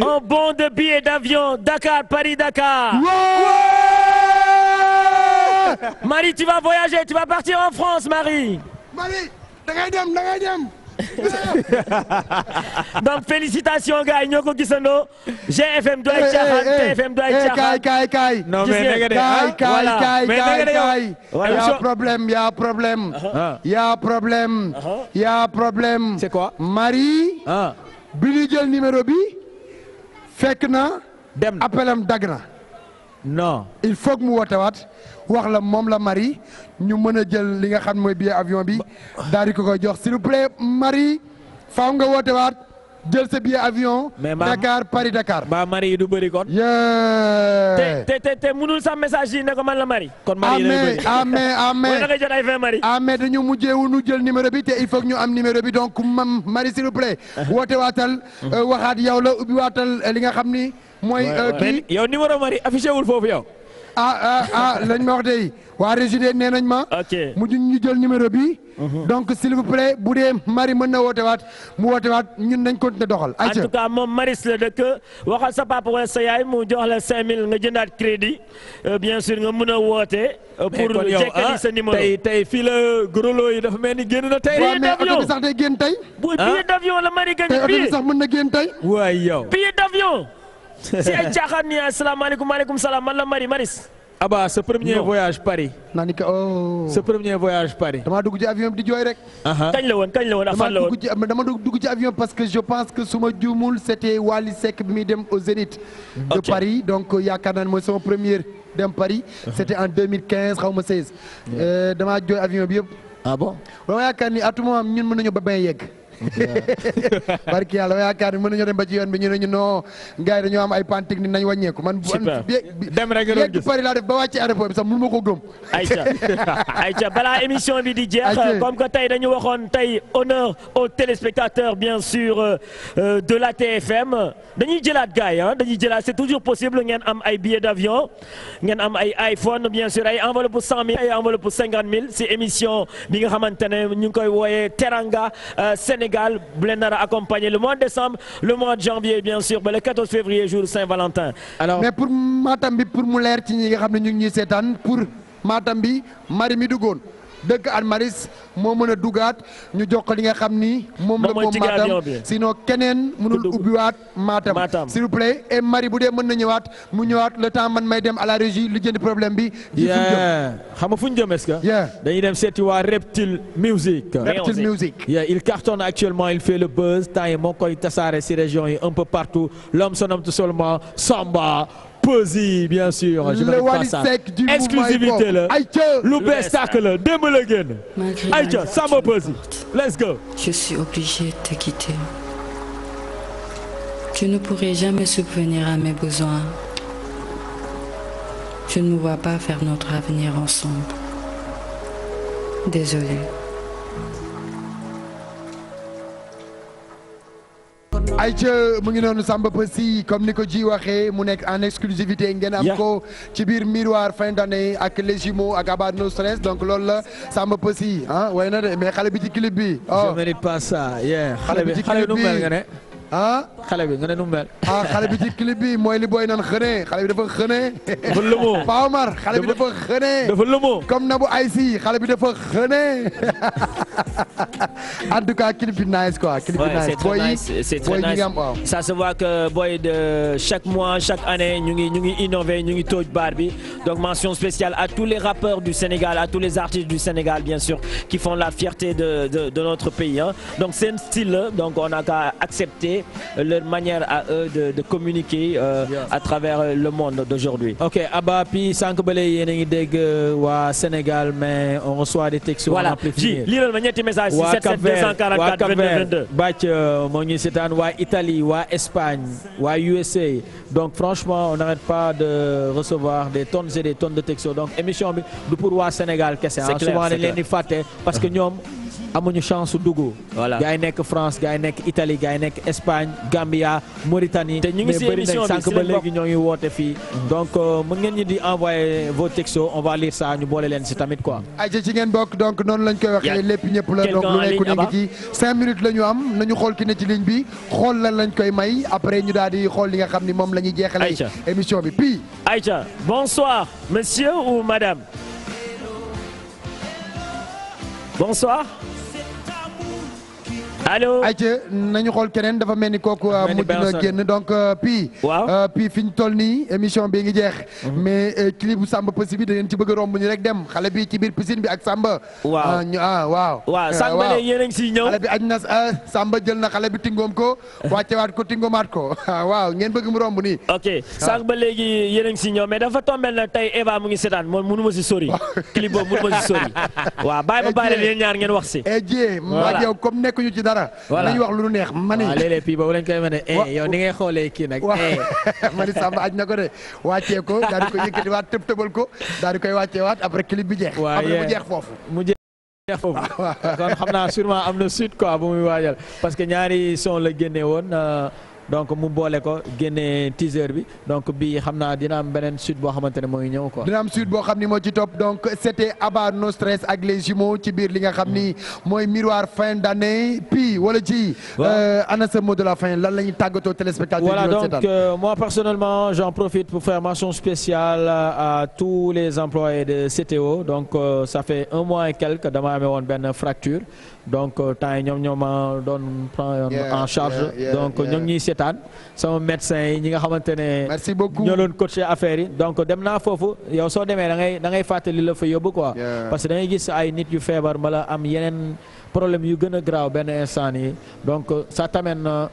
un bond de billets d'avion Dakar Paris Dakar. Ouais. Ouais. (laughs) Marie tu vas voyager tu vas partir en France Marie. Marie da (laughs) donc félicitations gars yi ñoo ko GFM kay kay kay. non mais nag de ah, ah voilà mais nag de yow. y a problème il faut mu woote waat. wax la moom la mari ñu mën a jël li nga xam mooy billet avion bi daal di ko koy jox si vous plaît Marie faaw nga woote waat jël sa billet avion. Dakar Paris Dakar. ba Marie du bëri kon. yee. te te te munul sax message yi ne ko man la mari kon Marie yi amee (laughs) amee dañu mujjee wu ñu jël numéro bi te il faut ñu am numéro bi donc mam Marie s'il vous plaît. Uh-huh. woote waatal. Uh, waxaat yow la ubbi waatal uh, li nga xam ni. mooy uh, kii yow numéro Marie affiché wul foofu yow. ah ah ah lañ ma wax de waa Résidé nee nañ ma. ok mujj ñu jël numéro bi. Uh-huh. donc s'il vous plaît bu dee Marie mën na woote waat mu woote waat ñun nañ continuer doxal. en tout cas moom Maris la dëkk waxal sa papa wala sa yaay mu jox la 5000 nga jëndaat crédit euh, bien sûr nga mën a woote. Euh, pour jekkali ah, sa numéro tey tey fii la grolo yi dafa mel ni génn na tey. billet d'avion sax day génn tey. bu ah. billet la Marie gagné billet mën na génn tey. waay yow billet d'avion. si ay caaxaan nii asalaamaaleykum maaleykum salaam man la Maris. Aba sa premier voyage Paris. naa ni ko oh. sa premier voyage Paris. dama dugg ci avion bi di jooy rek. kañ la woon woon afaan la woon dama dugg ci avion parce que je pense que suma juumul c'était Wally Seck bi muy dem au Zénith. de Paris donc euh, yaakaar naa ne mooy sama première dem Paris. c'était en quinze xaw ma 16. Euh, damaa jooy avion bi yëpp. ah bon dama yaakaar ni à tout moment ñun nañu ba bañ (laughs) barki yàlla ma yaakaar ni mën nañoo dem ba ci yoon bi ñu ay panne technique nañ wàññeeku bi (laughs) balaa émission bi di jeex euh, comme que tey dañu waxoon tey honneur aux téléspectateurs bien sûr euh, euh, de la TFM dañuy jëlaat gars yi dañuy jëlaat c'est toujours possible ngeen am ay billets d'avion ngeen am ay iPhone bien sûr ay enveloppe pour mille ay si émission bi nga xamante ne koy wooyee Teranga Sénégal. Sénégal bu leen nar a le mois de décembre le mois de janvier bien sûr ba le 14 février jour Saint-Valentin. mais pour Matam bi pour mu leer ci ñi nga xam ne ñu ngi pour Matam bi mari mi duggoon. dëgg Anne Maris moo mën a dugaat ñu jox ko li nga xam ni moom la moom Matam sinon keneen mënul ubbiwaat Matam s'il vous plaît et Marie bu dee mën na ñëwaat mu ñëwaat le temps man may dem à la régie lu jënd problème bi xam nga fu ñu jëm est-ce que dañuy dem seeti waa Reptile Music Reptile Music il cartonne actuellement il fait le buzz temps yi moo koy tasaare si région yi un peu partout l'homme se nomme tout seulement Samba Peuzzi je suis obligée de te quitter. je ne pourrai jamais subvenir à mes besoins. je ne me vois pas faire notre avenir ensemble. désolée. ayca mu ngi noonu Samba Peuzzi comme ni ko ji waxee mu nekk en exclusivité ngeen am ko ci biir miroir fin d'année ak les jumeaux ak Abba No Stress donc loolu la Samba Peuzzi ah way na de mais xale bi ci clip bi. oh je mérite pas ça xale bi ci clip ah xale bi nga ne nu mel. ah xale bi ci clip bi mooy li booy naan xënee xale bi dafa xënee. dafa lëmoo Pa Omar xale bi dafa xënee. dafa lëmoo comme Nabou Aïssi xale bi dafa xënee (laughs) en tout cas clip bi nice quoi. clip bi nice booy yi c'est très nice ça se voit que booy de chaque mois chaque année ñu ngi ñu ngi innové ñu ngi tooj baar bi donc mention spéciale à tous les rappeurs du Sénégal à tous les artistes du Sénégal bien sûr qui font la fierté de de de notre pays hein donc seen style la donc on a qu'à accepter. c'est leur manière à eux de, de communiquer euh, euh, le monde d'aujourd'hui. Ok, Abba, puis sans que vous ayez des wa Sénégal, mais on reçoit des textos. Voilà, j'ai lire le magnétique message 77244 22. Bach, wa Italie, wa Espagne, wa USA. Donc de recevoir des de textos. Donc (laughs) amuñu chance su dugg. voilà gars nekk France gars yi nekk Italie gars yi nekk Espagne Gambia Mauritanie. te ñu ngi si sànq ba léegi ñoo ngi woote fii. Mhm. donc euh, mën ngeen ñu di envoyé vos textos on va lire ça ñu boole leen si tamit quoi. ayca ci ngeen bokk donc noonu lañ koy waxee lépp ñëpp la donc lu nekk nekk ci nañu xool ki ne ci ligne bi xool lan lañ koy may après ñu daal di xool li nga xam ni moom la ñuy jeexalee. émission bi ay ayca bonsoir monsieur ou madame. bonsoir. allo ayca nañu xool keneen dafa mel ni kooku mujj na génn donc pii euh, pii euh, fi ñu toll nii émission bi ngi jeex mhm. mais euh, clip bu Samba Peuzzi bi da ci bëgg a romb ni rek dem xale bi ci biir piscine bi ak Samba waaw ah, ñu ah waaw waaw Samba ne a ngi siy ñëw xale na Samba jël na xale bi tingoom ko (laughs) wàccewaat ko tingomaat ko (laughs) ah, waaw ngeen bëgg mu romb nii ok ah. sànq ba léegi yéen si ngi siy ñëw mais dafa tombel na tey Eva mu ngi seetaan moom mënu ma si sori (laughs) clip boobu mënu ma si sori waaw bàyyi ba bàyyi leen ñaar ngeen wax si dara. voilà nañu wax lu nu neex mani. waaw léeg-léeg fii boobu lañ koy mën a. Eh, yow ni ngay xoolee kii nag. Eh. (laughs) mani Samba aj na ko de wàccee ko daal di ko yëkkatiwaat tëb tëbal ko daal di koy wàcceewaat après clip bi jeex. après mu jeex foofu. foofu (laughs) kon xam naa sûrement am na suite quoi bu muy waajal parce que ñaari son la génne woon euh, donc mu boole ko génnee teaser bi donc bii xam naa dina am beneen suite boo xamante ne mooy ñëw ko dina am suite boo xam ni moo ci topp donc c'était Abba No Stress ak les jumeaux ci biir li nga xam ni mooy miroir fin d'année puis wala ji euh, ana sa mot de la fin lan la ñuy tàggatoo téléspectateur. voilà donc euh, moi personnellement j'en profite pour faire mention spéciale euh, à tous les employés de CTO donc ça fait un mois et quelques dama amee woon benn fracture. donc euh, temps yi ñoom ñoo ma doon en charge donc ñoo ngi ñuy seetaan sama médecin yi ñi nga xamante ne ñoo doon coaché affaire yi donc dem naa foofu yow soo demee da da ngay fàttali la fa yóbbu quoi parce que da ngay gis ay nit yu feebar mala am yeneen problème yu gën a graaw benn instant yi donc ça t'amène euh,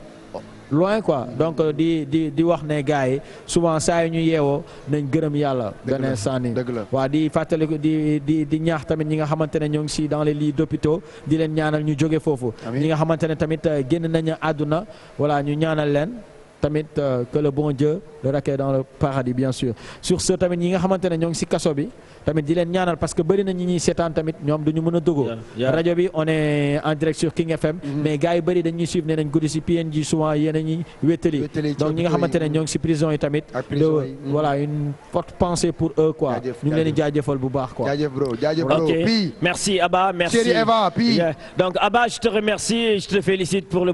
loin quoi donc euh, di di di wax ne gars yi souvent saa ñu yeewoo nañ gërëm yàlla beneen sànni waaw di fàttaliku di di di ñaax tamit ñi nga xamante ne ñoo ngi si dans les lits d'hôpitaux di leen ñaanal ñu jóge foofu ñi nga xamante ne tamit euh, génn nañu àdduna voilà ñu ñaanal leen tamit euh, que le bon Dieu le recueille dans le paradis bien sûr sur ce tamit ñi nga xamante ne si kaso bi tamit di leen ñaanal parce que bëri ñi ñuy tamit ñoom duñu mën a dugg rajo bi on est en direct sur King FM mm-hmm. mais gars yi bëri suivre ne nañ guddi si PNJ souvent yéen a ñuy donc ñi nga xamante ne si prison yi tamit mm-hmm. voilà une forte pensée pour eux quoi ñu ngi leen bu baax quoi donc Abba je te remercie je te félicite pour le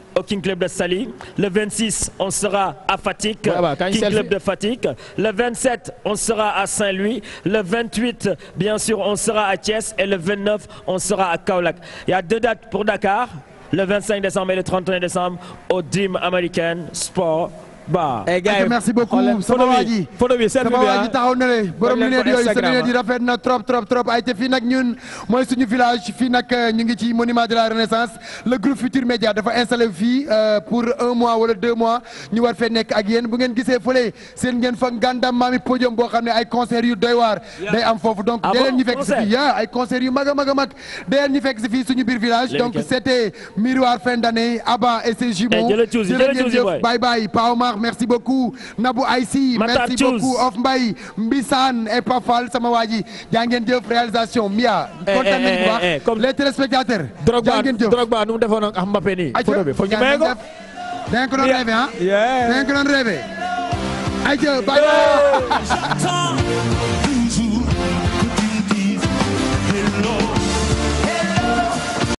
au King Club de Saly. Le 26, on sera à Fatick, bah bah, King Club on sera à Saint-Louis. Le 28, bien sûr, on sera à Thiès. Et le on sera à Kaolack. Il y a deux dates pour Dakar, le 25 et le 31 décembre, au Dim American ba ay eh, gars merci beaucoup sama waa ah. taxaw na borom lunette yooyu sa lunette rafet na trop trop trop ay te nag ñun mooy suñu village fii nag euh, ñu ngi ci monument de la renaissance le groupe Futur Média dafa installé fii euh, pour un mois wala deux mois ñu war fee nekk ak yéen bu ngeen gisee fële seen ngeen fa ngandam maami podium boo xam ne ay concert yu doy waar day am foofu donc dee leen ñu fekk si fii ay concert yu mag a mag a mag ñu fekk si fii suñu biir Sarr merci beaucoup Nabou Aïssi merci beaucoup Of Mbaye Mbissane et Pafal sama waa ji jaa ngeen jëf réalisation Mia. Eh, kontaan eh, nañu bu eh, baax les téléspectateurs. jaa ngeen jëf Drogba nu mu defoon ak Mbappé nii. photo bi foog ñu maye ko da ah? ko doon rêvé ah. da ko doon rêvé. ayca bàyyi